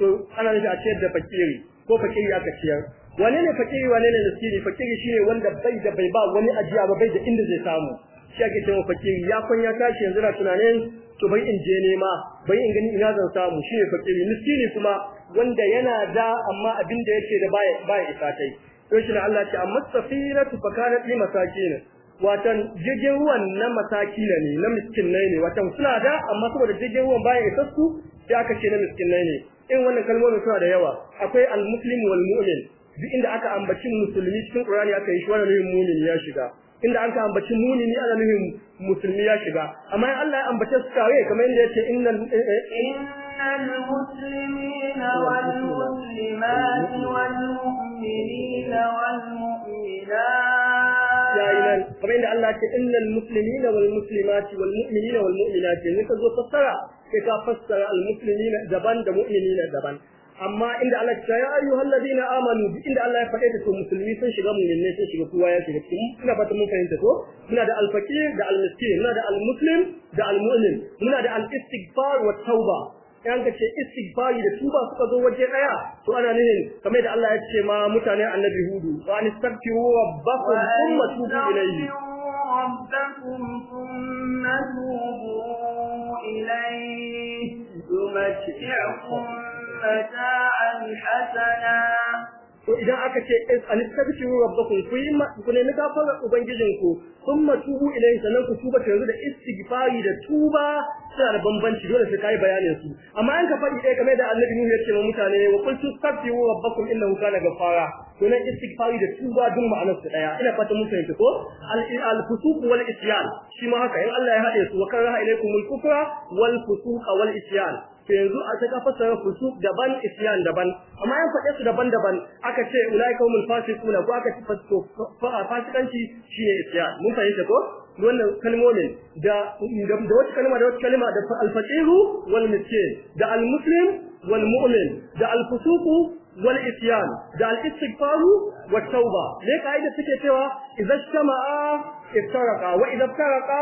S1: to ana nufin a ciyar da fakiri ko fakiri aka ciyar wane ne fakiri wane ne miskini fakiri shine wanda bai da bai ba wani ajiya ba bai da inda zai samu shi ake cewa fakiri ya kwanya tashi yanzu na tunanin to bai in je nema bai in gani ina zan samu shi ne fakiri miskini kuma wanda yana da amma abin da yake da baya baya isa tai to shi ne Allah ya ce amma safiratu fakana bi masakin watan jirgin ruwan na masakina ne na nai ne watan suna da amma saboda jirgin ruwan baya isa su sai aka ce na nai ne in wannan kalmomin suna da yawa akwai al-muslim wal mu'min duk inda aka ambaci musulmi cikin Qur'ani aka yi shi wannan mu'min ya shiga inda an ka ambaci muni ni ana nufin musulmi ya shiga amma in Allah ya ambace su kawai kamar yadda yace innal innal
S2: muslimina wal
S1: muslimati wal
S2: mu'minina wal
S1: mu'minat ya yayin kamar yadda Allah ya ce innal muslimina wal muslimati wal mu'minina wal mu'minat yanzu ka zo fassara sai ka fassara al muslimina daban da mu'minina daban amma inda Allah ya ya ayyuhal ladina amanu duk inda Allah ya faɗe ta to musulmi sun shiga mu'minai sun shiga kowa ya shiga cikin ina fata mun fahimta ko muna da alfaqir da almiskin muna da almuslim da almu'min muna da alistighfar wa tauba yan ka ce istighfari da tuba suka zo waje daya to ana nihin kamar da Allah ya ce ma mutane annabi hudu wa anistaghfiru rabbakum thumma tubu ilayhi
S2: rabbakum thumma tubu ilayhi yumati'ukum mata'an
S1: hasana to idan aka ce is alistabshiru rabbakum ku yi ku nemi gafarar ku. thumma tubu ilayhi sannan ku tuba ta yanzu da istighfari da tuba suna da bambanci dole sai kai bayanin su amma an ka faɗi ɗaya kamar da annabi Nuhu ya ce ma mutane wa qul tastaghfiru rabbakum innahu kana ghaffara to nan istighfari da tuba duk ma'anar su ɗaya ina fata mun fahimta ko al fusuq wal isyan shi ma haka in Allah ya haɗe su wa karaha ilaykum kufra wal fusuq wal isyan yanzu a ta fasara fusuk daban isyan daban amma yan faɗe su daban-daban aka ce mun humul fasiquna ko aka ce fasikanci shi ne isyan mun fahimta ko wannan kalmomin da da wata kalma da wata kalma da al-faqihu wal miskin da al-muslim wal mu'min da al-fusuqu wal isyan da al-istighfaru wat tauba me kaida suke cewa idza shama'a iftaraka wa idan taraka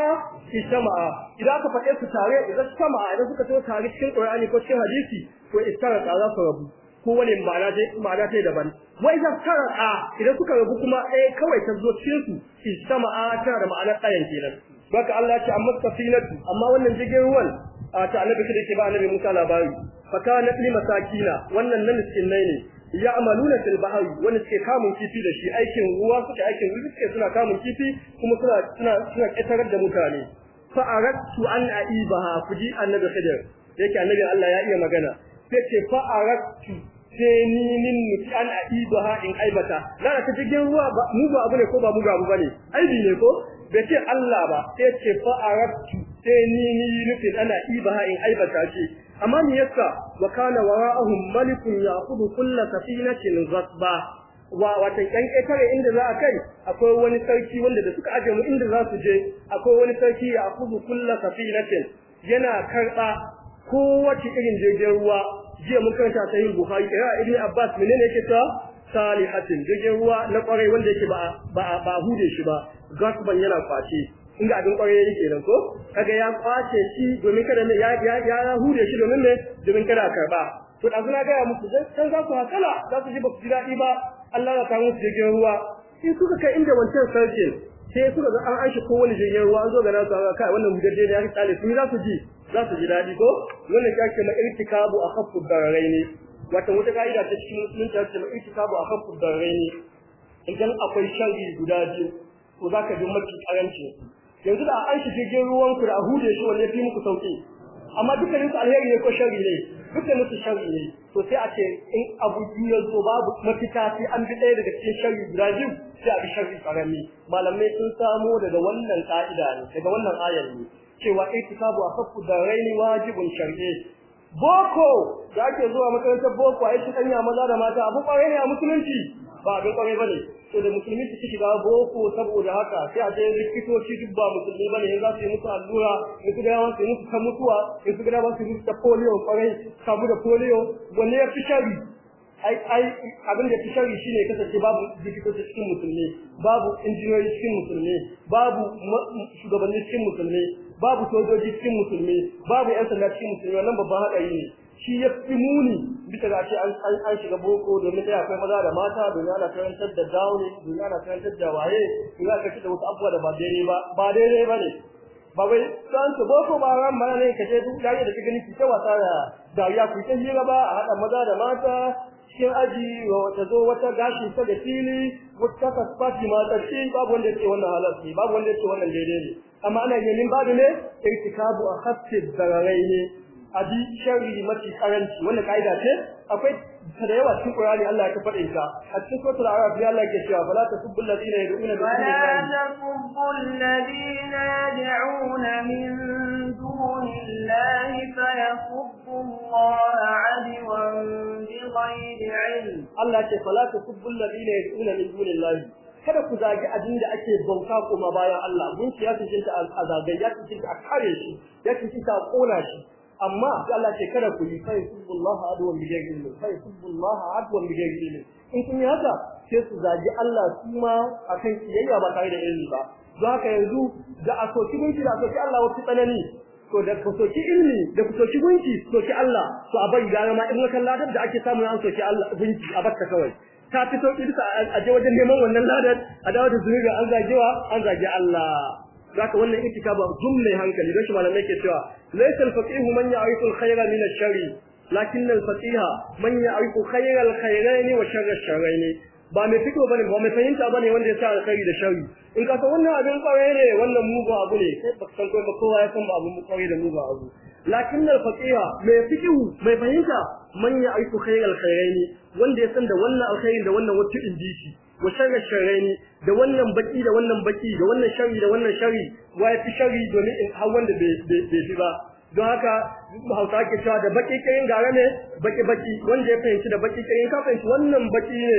S1: istama'a idan aka faɗe su tare idan sama'a idan suka tafi tare cikin Qur'ani ko cikin hadisi to iftaraka za su rabu ko wani ma'ana dai ma'ana dai daban wa idan taraka idan suka rabu kuma eh kawai ta zo cikin su istama'a tana da ma'ana tsayin kenan baka Allah ya ce amma safinatu amma wannan jirgin ruwan ta annabi da ke ba annabi Musa labari fa kana li masakina wannan nan miskinai ne amaluna fil bahri wanda suke kamun kifi da shi aikin ruwa suke aikin ruwa suke suna kamun kifi kuma suna suna suna ketarar da mutane fa aratu an aibaha kuji annabi khidir yake annabi Allah ya iya magana sai ce fa aratu sai ni ni an aibaha in aibata la ta jirgin ruwa mu ba abu ne ko ba mu ga abu bane aibi ne ko bai ce Allah ba sai ce fa aratu sai ni ni ni ana ibaha in aibata ce amma me yasa wa kana wara'ahum malikun ya'khudhu kull safinatin ghasba wa wata kanke tare inda za a kai akwai wani sarki wanda da suka aje mu inda za su je akwai wani sarki ya akuzu kulla safinatin yana karɓa kowace irin jirgin ruwa jiya mun karanta ta yin buhari kira ibn abbas menene yake ta salihatin jirgin ruwa na kwarai wanda yake ba ba hude shi ba gasban yana kwace inda abin kwarai yake kenan ko kaga ya kwace shi domin kada ne ya ya ya hure shi domin ne domin kada a karba to da suna gaya muku san za ku hakala za ku ji ba ku ji daɗi ba Allah ya kawo musu jirgin ruwa in kuka kai inda wancan sarkin sai suka ga an aishi ko wani jirgin ruwa an zo ga nasu ga kai wannan bugaje ne ya tsale sun za su ji za su ji daɗi ko wannan ya ce ma irtikabu akhaffu darraini wato wata kaida ta cikin musulunci ta ce ma irtikabu akhaffu darraini idan akwai shari'i guda biyu ko zaka ji mafi karanci yanzu da an shi jirgin ruwan ku da a hude shi wanda fi muku sauki amma dukkanin su alheri ne ko Shari ne dukkanin su ne to sai a ce in abu biyar na zo babu mafita sai an bi ɗaya daga cikin guda biyu sai a bi shari karami malamai sun samo daga wannan ka'ida ne daga wannan ayar ne cewa itikabu afafu da raini wajibun shar'i boko da ake zuwa makarantar boko a yi maza da mata abu kwarai ne a musulunci ba abin kwarai ba ne so da musulmi su ci shiga boko saboda haka sai a cikin likitoci duk ba musulmi ba ne in za su yi musu allura in su gaba su yi musu ta mutuwa in su gaba su yi musu ta polio kwarai kamu da polio wanne ya fi shari ai ai abin da fi shari shine kasance babu likitoci cikin musulmi babu injiniyoyi cikin musulmi babu shugabanni cikin musulmi babu sojoji cikin musulmi babu yan sanda cikin musulmi wannan babban haɗari ne shi ya fi muni bisa ga an an shiga boko domin ta akwai maza da mata domin ana karantar da zaune domin ana karantar da waye domin ana ci da wasu abubuwa da ba daidai ba ba daidai ba ne ba wai san su boko ba ran mana ne ce duk dariya da kigani ki ta wasa da dariya ku ta hira ba a hada maza da mata cikin aji wa wata zo wata gashi ta da fili wata ta fati ma shi babu wanda ke wannan halarci babu wanda ke wannan daidai ne amma ana yin babu ne itikabu a zararai ne. abi sharri mafi karanci wannan kaida ce akwai da yawa cikin Qur'ani Allah ya faɗe ta a cikin suratul Araf ya Allah yake cewa bala tasubbu Ladina yad'una min
S2: dunihi wala tasubbu alladhina yad'una min dunillahi fayasubbu Allah 'adwan
S1: bighayri 'ilm Allah ce bala tasubbu alladhina yad'una min dunillahi kada ku zagi abin da ake bauta kuma bayan Allah mun siyasa cikin a zagaye ya cinta a kare shi ya cinta a kona shi amma sai Allah ce kada ku yi sai yusubbullaha adwan bighayril ilm fa yusubbullaha adwan bighayril ilm in kun yi haka sai su zaji Allah su ma akan kiyayya ba tare da ilimi ba za ka yanzu da a soki gunki da soki Allah wasu tsanani to da ku soki ilimi da ku soki gunki soki Allah to a bai gara ma in wata ladar da ake samu an soki Allah gunki a batta kawai ta fi sauki bisa a je wajen neman wannan ladan a dawo da zunubi an zagewa an zage Allah zaka wannan ba jumla hankali don shi malamai ke cewa laysa al-faqihu man ya'rifu al-khayra min ash-sharri lakin al-faqiha man ya'rifu khayra al khayrayni wa sharra ash sharrayni ba mai fito bane ba mai fahimta bane wanda ya sa alkhairi da sharri in ka san wannan abin kwaye ne wannan mu ba abu ne sai ba san ko kowa ya san ba abu kwaye da mu ba abu lakin al-faqiha mai fito mai fahimta man ya'rifu khayra al khayrayni wanda ya san da wannan alkhairin da wannan wata indiki wa sharri sharraini da wannan baki da wannan baki da wannan shari da wannan shari. wa ya fi shari domin in hau wanda bai fi ba don haka hausa ke cewa da baki kirin gare ne baki baki wanda ya fahimci da baki kirin ka fahimci wannan baki ne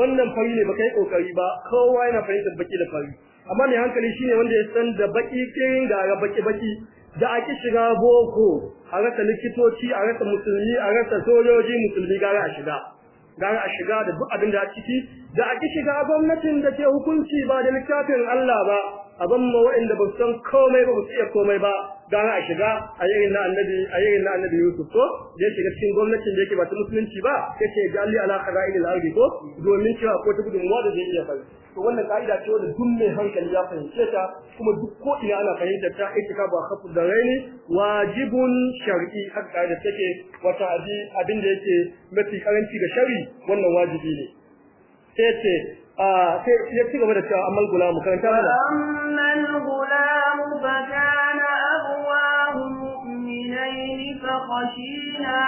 S1: wannan fari ne baka yi kokari ba kowa yana fahimtar baki da fari amma mai hankali shine wanda ya san da baki kirin gare baki baki da ake shiga boko a rasa likitoci a rasa musulmi a rasa sojoji musulmi gara a shiga gara a shiga da duk abin da a ciki da a ki shiga gwamnatin da ke hukunci ba da littafin Allah ba abin ma wa'inda ba san komai ba ba su iya komai ba gara a shiga a yayin na annabi a na annabi Yusuf ko da shiga cikin gwamnatin da yake ba ta musulunci ba yace jalli ala qara'il al-ardi ko domin cewa ko ta gudun da zai iya fara to wannan ka'ida ce wanda duk mai hankali ya fahimce ta kuma duk ko ina ana fahimtar ta ita ba khafu da raini wajibun shar'i haka ka'ida take wata abin da yake mafi karanci da shari wannan wajibi ne sai ce آه، في يكتب أما الغلام
S2: فكان أبواه مؤمنين فخشينا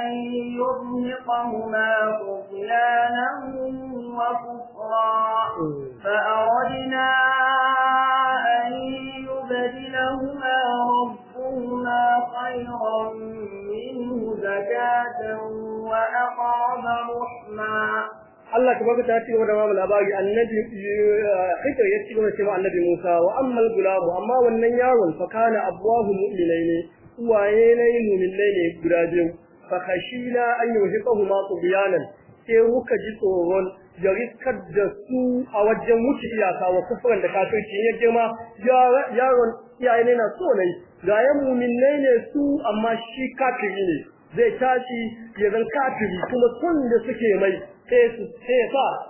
S2: أن يرهقهما طغيانا وكفرا فأردنا أن يبدلهما ربهما خيرا منه زكاة وأقرب رحما
S1: Allah tabaraka ta ce wa da mamu labari annabi hikar ya ci gaba eh, cewa annabi Musa wa ammal gulabu amma wannan yaron fa kana abwahu mu'minaini uwaye ne mu'minai ne guda biyu fa khashina an yuhiqahuma tubyanan sai muka ji tsoron ya da su a wajen wuce iyaka wa da kafirci ya girma yaron iyaye ne na so ne ga yan mu'minai ne su amma shi kafiri ne zai tashi ya zan kafiri kuma son da suke mai sai su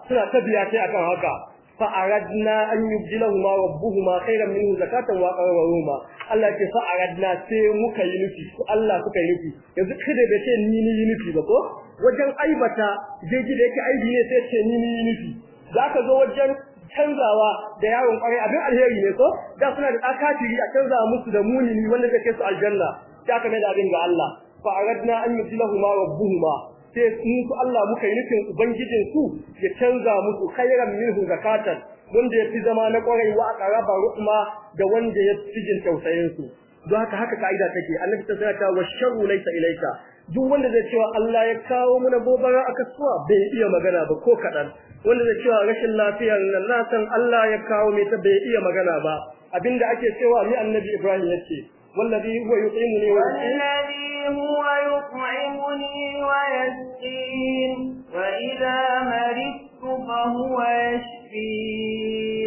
S1: suna tabiya akan haka fa aradna an yubdilahu ma rabbuhuma khayran min zakatan wa qarruma Allah ce fa aradna sai muka yi nufi Allah suka yi nufi yanzu kada bai ce ni ni yi nufi ba ko wajen aibata ji da yake aibi ne sai ce ni ni yi nufi zaka zo wajen canzawa da yaron kwarai abin alheri ne ko da suna da tsakatiri a canza musu da munini wanda zai su aljanna ta kamar da abin ga Allah fa aradna an yubdilahu ma rabbuhuma sai in su Allah muka yi nufin ubangijin su ya canza musu khairan minhu zakatan wanda ya fi zama na kwarai a aqraba ruma da wanda ya fi jin tausayin su don haka haka kaida take annabi ta saka wa sharru laysa ilayka duk wanda zai cewa Allah ya kawo muna gobara a kasuwa bai iya magana ba ko kadan wanda zai cewa rashin lafiyar nan na san Allah ya kawo mai ta bai iya magana ba abinda ake cewa ni annabi Ibrahim yake والذي هو يطعمني
S2: والذي هو يطعمني ويسقين وإذا مرضت فهو يشفين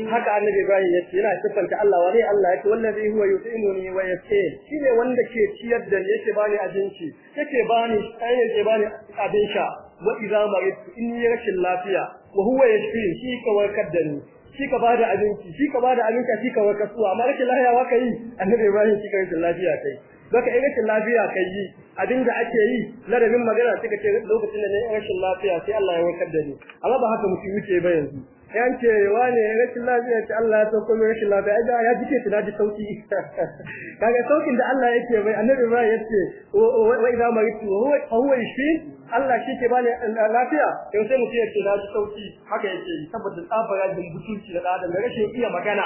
S1: haka annabi Ibrahim ya ce yana siffanta Allah wane Allah yake wallazi huwa yut'imuni wa yasqin shine wanda ke ciyar da ni yake bani abinci yake bani sai yake bani abin sha wa rashin lafiya wa huwa shi ka warkar da ni shi ka bada abinci shi ka bada abinci shi ka warka suwa amma rashin lafiya wa kai annabi Ibrahim shi ka rashin lafiya kai baka yi rashin lafiya kai yi abin da ake yi ladabin magana suka ce lokacin da ne rashin lafiya sai Allah ya warkar da ni amma ba haka mutum yake ba yanzu yan ce wane rashin lafiya sai Allah ya sauko mai rashin lafiya ai ya jike ta daji sauki kaga saukin da Allah yake mai annabi ba yace wa idza maritu huwa huwa shi Allah shi ke bani lafiya yau sai mutum yake da sauki haka yake saboda tsabara da mutunci da adam da rashin iya magana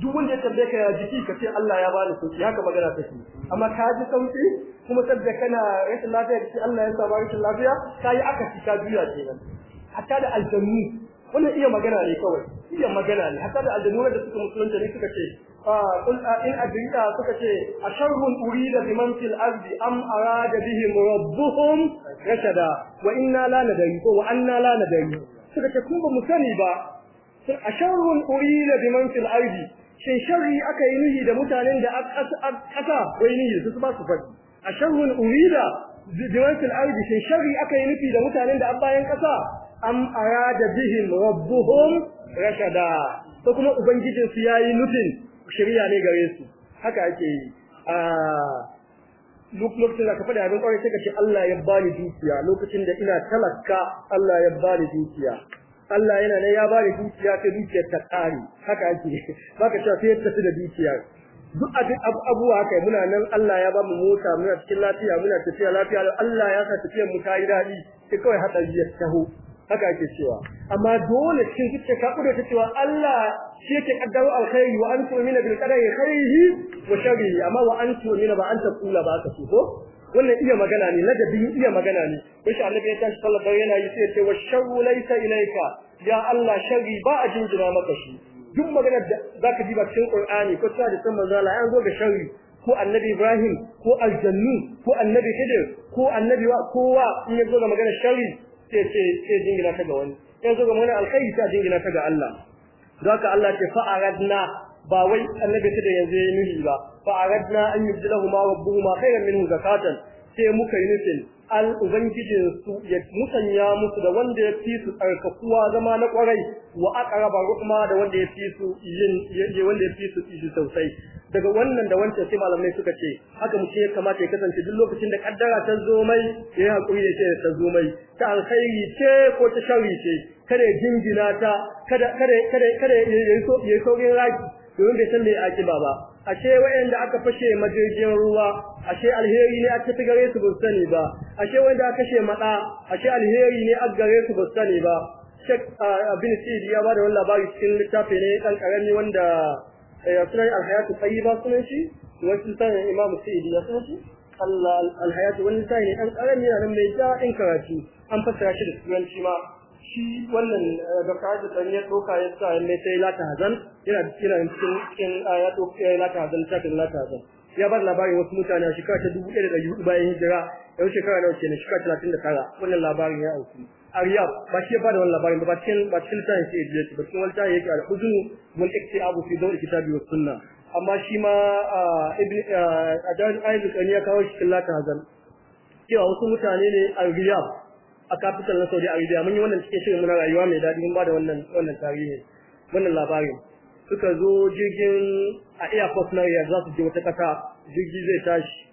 S1: duk wanda ya tambaye ka jiki ka ce Allah ya bani sauki haka magana take amma ka ji sauki kuma sabda kana rashin lafiya ka ce Allah ya sa ba rashin lafiya ka yi aka ci ka juya kenan hatta da aljannu wannan iya magana ne kawai iya magana ne hatta da aljannu da suka musulunta ne suka ce قل إن أدريك سكتي da أريد بمن في الأرض أم أراد بهم ربهم رشدا وإنا لا ندري وأنا لا ندري سكتي كوبا مسنبا أشر أريد بمن في الأرض shin sharri aka yi nihi da mutanen da ƙasa wai nihi su ba su faɗi a sharrun da biwansil ardi shin sharri aka yi nufi da mutanen da bayan kasa am arada bihim rabbuhum rashada to kuma ubangijin su yayi nufin shari'a ne gare su haka ake yi a lokacin da ka faɗi abin ƙwarai sai ka ce Allah ya bani dukiya lokacin da ina talaka Allah ya bani dukiya Allah yana ne ya bani dukiya sai dukiyar ta ƙare haka ake baka cewa sai ya tafi da dukiyar duk abin abubuwa haka muna nan Allah ya bamu mota muna cikin lafiya muna tafiya lafiya Allah ya sa tafiyar mu ta daɗi sai kawai hatsari ya taho haka ake cewa amma dole cikin zuciya ka kudu ta cewa Allah shi yake kaddaro alkhairi wa an tu'mina bil qadari khairihi wa sharrihi amma wa an tu'mina ba an taqula ba ka ko wannan iya magana ne ladabin iya magana ne insha Allah ya tashi sallar dare yana yi sai wa sharru laysa ilayka ya Allah sharri ba a jinjira maka shi duk magana da zaka ji ba cikin Qur'ani ko ta da san manzo Allah an ga sharri ko annabi Ibrahim ko aljannu ko annabi Khidir ko annabi wa kowa in ya zo da magana sharri sai sai sai jingina ta ga wani sai ga mana alkhairi sai jingina ta ga Allah don haka Allah ce fa ba wai annabi ta da yanzu ya yi nuhi ba fa aradna an yubdilahuma rabbuhuma khayran minhu zakatan sai muka yi nufin an ubangijin su ya musanya musu da wanda ya fi su tsarkakuwa zama na ƙwarai wa raba ruhma da wanda ya fi su yin wanda ya fi su sosai daga wannan da wancan sai malamai suka ce haka muke ya kamata ya kasance duk lokacin da kaddara ta zo mai ya yi da ce ta zo mai ta alkhairi ce ko ta shawi ce kada ya jingina ta kada ya yi saurin raki domin bai san me akiba ba ashe wayanda aka fashe majirgin ruwa ashe alheri ne aka fi gare su ba sani ba ashe wanda aka kashe mada ashe alheri ne aka gare su ba sani ba shek ah, Abin Sidi ya bada wannan labari cikin littafi ne dan karami wanda ya eh, sunan alhayatu tayyiba sunan shi wasu sanin Imam Sidi ya sunan shi Allah alhayatu wannan sai ne dan karami yana nan mai da in karatu an fassara shi da shi ma shi wannan eh, da kaji dan ya doka ya sa ne sai la ta hazan yana kira cikin cikin ah, ya doka ya la ta hazan ta la ta hazan ya bar labarin wasu mutane a shekara ta dubu ɗaya da hudu bayan hijira yau shekara nawa kenan shekara talatin da tara wannan labarin ya auku Ariyab ba shi ya bada wannan labarin ba cikin ba cikin tayin sai Idris ba cikin wani tayin yake al-huzn wal iktiabu fi dawl kitabi was sunnah amma shi ma ah, ibn adan ah, ayyukan ya kawo shi cikin la ta hazan cewa wasu mutane ne a a capital na Saudi Arabia mun yi wannan cikin shirin muna rayuwa mai daɗi mun ba da wannan wannan tarihi wannan labarin suka zo jirgin a airport na Riyadh za su je wata kasa jirgi zai tashi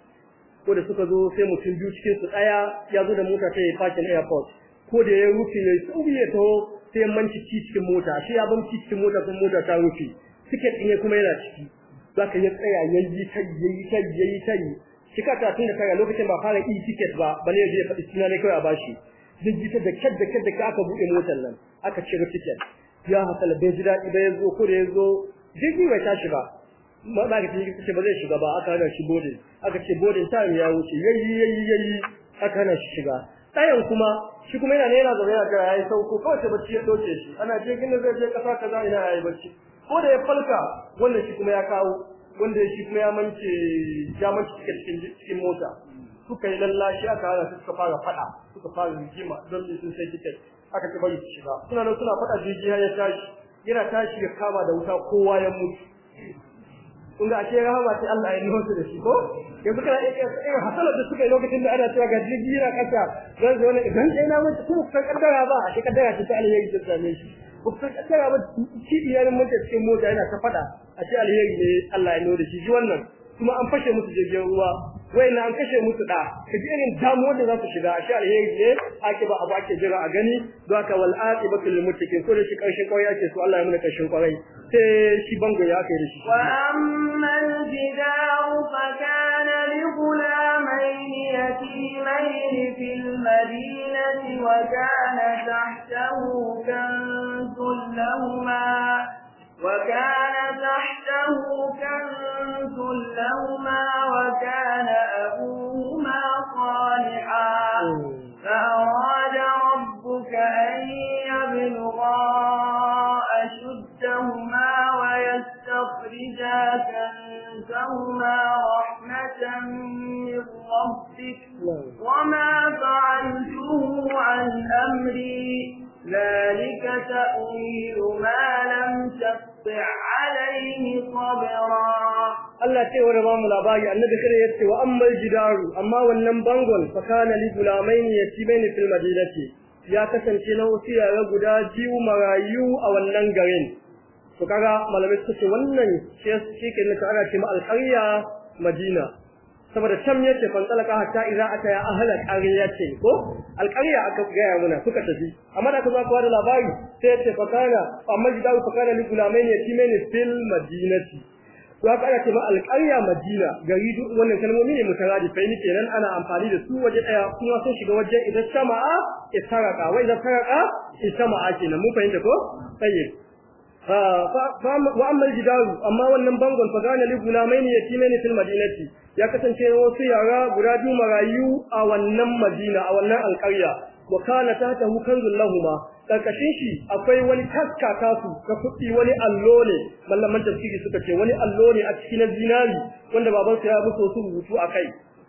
S1: ko da suka zo sai mutum biyu cikin su daya ya zo da mota ta yi parking airport ko da ya rufe ne sauri ya taho sai ci cikin mota sai ya ban cikin mota kuma mota ta rufe tiket ɗin kuma yana ciki ka ya tsaya yi ta yi ta yi ta shika ta tun da kai lokacin ba fara e ticket ba bane ya je faɗi suna ne kawai a bashi duk jita da kyar da kyar da aka buɗe motar nan aka cire tiket ya hasala bai ji daɗi ba ya zo ko da ya zo jirgi bai tashi ba ba za ka ce ba zai shiga ba aka hana shi bodin aka ce bodin ta ya wuce yayi yayi yayi aka hana shi shiga ɗayan kuma shi kuma yana naira zaune yana ya yayi sauko kawai bacci ya ɗauke shi ana jirgin da zai je ƙasa kaza ina yi bacci ko da ya falka wannan shi kuma ya kawo wanda shi kuma ya mance ya mance cikin mota suka yi lallashi aka hada su suka fara fada suka fara rigima don su sun sai kike aka ci bari shiga suna nan suna fada jijiya ya tashi yana tashi ya kama da wuta kowa ya mutu kun ga ake rahama sai Allah ya nuna su da shi ko yanzu kana iya irin hasalar da suka yi lokacin da ana cewa ga jijiya kasa zan zo ne idan dai na mutu kuma kan kaddara ba ashe kaddara ta yi ta same shi ko kan kaddara ba shi iyalin mutu cikin mota yana ta fada ashe alheri ne Allah ya nuna da shi ji wannan kuma an fashe musu jirgin ruwa wayanda an kashe musu da ka ji irin damuwar da za su shiga a sha alheri ne ake ba abu ake jira a gani don haka wal aqibatu lil muttaqin ko da shi karshen kwarai ake so Allah ya muna karshen kwarai sai shi bango ya kai da shi
S2: wa ammal jidaru fa kana li ghulamayn yatimayn fil madinati wa kana tahtahu kanzun lahumā وكان تحته كنز لهما وكان أبوهما صالحا فأراد ربك أن يبلغا أشدهما ويستخرجا كنزهما رحمة من ربك وما فعلته عن أمري ذلك تأويل ما لم تستطع عليه صبرا
S1: Allah ce wani bamu labari annabi kada ya ce wa Amma jidaru amma wannan bangon fakana li gulamai ne yaci bai ne da madinati ya kasance na wasu yara guda biyu marayu a wannan garin to kaga malamai suka ce wannan shi ke ne ka ana ma alqarya madina saboda can yace fan talaka hatta idza ata ya ahla alqarya ce ko alqarya aka gaya muna suka tafi amma da aka zo da labari sai yace fa kana amma gidawu fa kana li gulamain ne fil madinati to aka ana ma alqarya madina gari duk wannan kalmomi ne mutaradi fa ni kenan ana amfani da su waje daya kuma sun shiga waje idan sama'a istaraka wai idan taraka isama'a kenan mun fahimta ko tayyib wa amma jidaru amma wannan bangon fa gane li gulamai ne ne fil madinati ya kasance wasu yara guda biyu marayu a wannan madina a wannan alƙarya wa kana ta kanzul lahuma karkashin shi akwai wani taska tasu ta kuɗi wani allo ne mallaman tafsiri suka ce wani allo ne a cikin zinari wanda baban sa ya fi su rubutu akai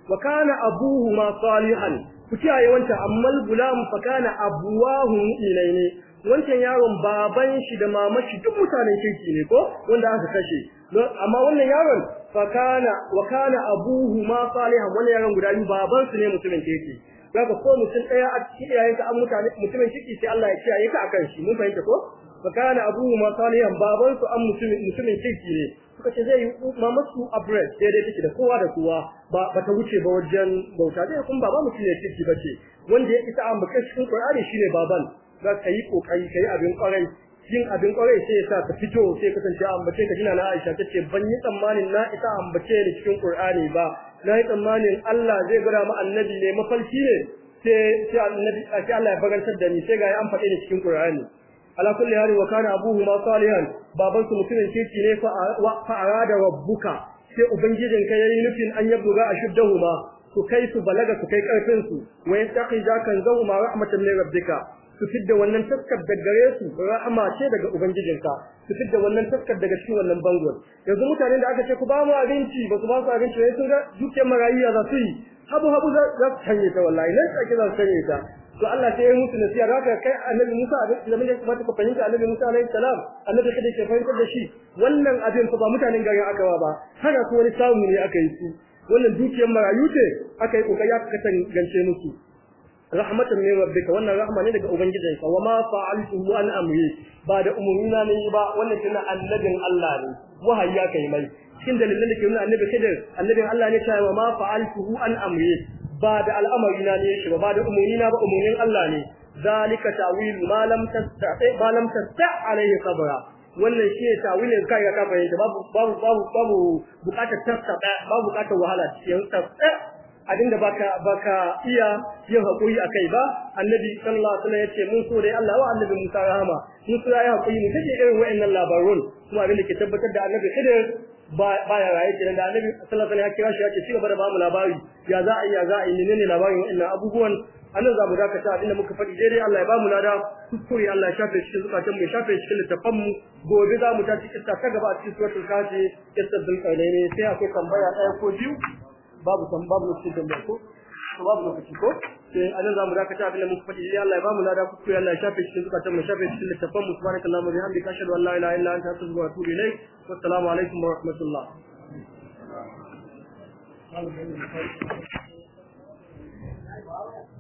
S1: wa kana abuhuma salihan ku kiyaye wancan amma gulam fa kana abuwahu mu'minaini wancan yaron baban shi da maman shi duk mutanen kirki ne ko wanda aka kashe amma wannan yaron fa kana wa kana abuhu ma salihan wannan yaron guda biyu baban su ne mutumin kirki zaka ko mutum daya a cikin iyayen ka mutane mutumin kirki sai Allah ya kiyaye ka akan shi mun fahimta ko fa kana abuhu ma salihan baban su an mutumin mutumin kirki ne suka ce zai yi mamatsu abred daidai take da kowa da kowa ba ba ta wuce ba wajen bauta dai kun baba mutum ne bace wanda ya isa an baka cikin Qur'ani shine baban za ka yi kokari ka yi abin kwarai yin abin kwarai sai ya sa ka fito sai kasance a ambace ka gina na Aisha ta ce ban yi tsammanin na isa ambace ni cikin Qur'ani ba na yi tsammanin Allah zai gura mu annabi ne mafalki ne sai sai annabi sai Allah ya bagantar da ni sai ga an faɗe ni cikin Qur'ani ala kulli hali wa kana abuhu ma salihan baban su mutumin kirki ne fa arada rabbuka sai ubangijin ka yayi nufin an ashuddahu huma, ku kai su balaga su kai karfin su wa yattaqi zakan zawma rahmatan min rabbika su fidda wannan taskar da gare su rahama ce daga ubangijinka su fidda wannan taskar daga cikin wannan bangon yanzu mutanen da aka ce ku ba mu abinci ba su ba su abinci sai ga dukkan marayiya za su yi habu habu za su canye ta wallahi nan sai za su canye ta to Allah sai ya musu nasiha haka kai annabi Musa da mun kuma ta fahimta annabi Musa alaihi salam annabi kada ke fahimtar da shi wannan abin ba mutanen garin aka ba hana su wani samu ne aka yi su wannan dukiyar marayu ce aka yi kokari aka kasance musu rahmatan min rabbika wannan rahma ne daga Ka wa ma fa'altuhu an amri ba da umurina ne ba wannan tana annabin Allah ne wahayya kai mai cikin dalilin da ke nuna annabi Khidir annabin Allah ne cewa wa ma fa'altuhu an amri ba da al'amarina ne shi ba da umurina ba umurnin Allah ne zalika ta'wil ma lam tastati ma lam tastati alayhi sabra wannan shi ne tawilin kai ga kafa yake babu babu babu bukatar tasta babu bukatar wahala cikin tasta abinda baka baka iya yin hakuri akai ba annabi sallallahu alaihi wasallam yace mun so dai Allah wa annabi Musa rahama mun so yayi hakuri mun kace irin wayannan labarun kuma abinda ke tabbatar da annabi Khidir ba ya raye kenan da annabi sallallahu alaihi wasallam ya kira shi yace gaba da mu labari ya za a ya za a menene labarin wayannan abubuwan Allah za mu dakata abinda muka faɗi dai Allah ya bamu lada kuskure Allah ya shafe cikin zukatan mu ya shafe cikin tafan mu gobe za mu ci kissa ta gaba a cikin suratul kafi kissa bil ne sai akwai tambaya ɗaya ko biyu babu san babu lokacin da ko to babu lokaci ko sai anan zamu dakata abin da muka faɗi ya Allah ya mu lada ku ya Allah ya shafe cikin ta mu shafe cikin littafan mu subhanakallahu wa bihamdika ashhadu an la ilaha illa anta astaghfiruka wa atubu ilaik assalamu alaikum wa rahmatullah
S2: Thank you.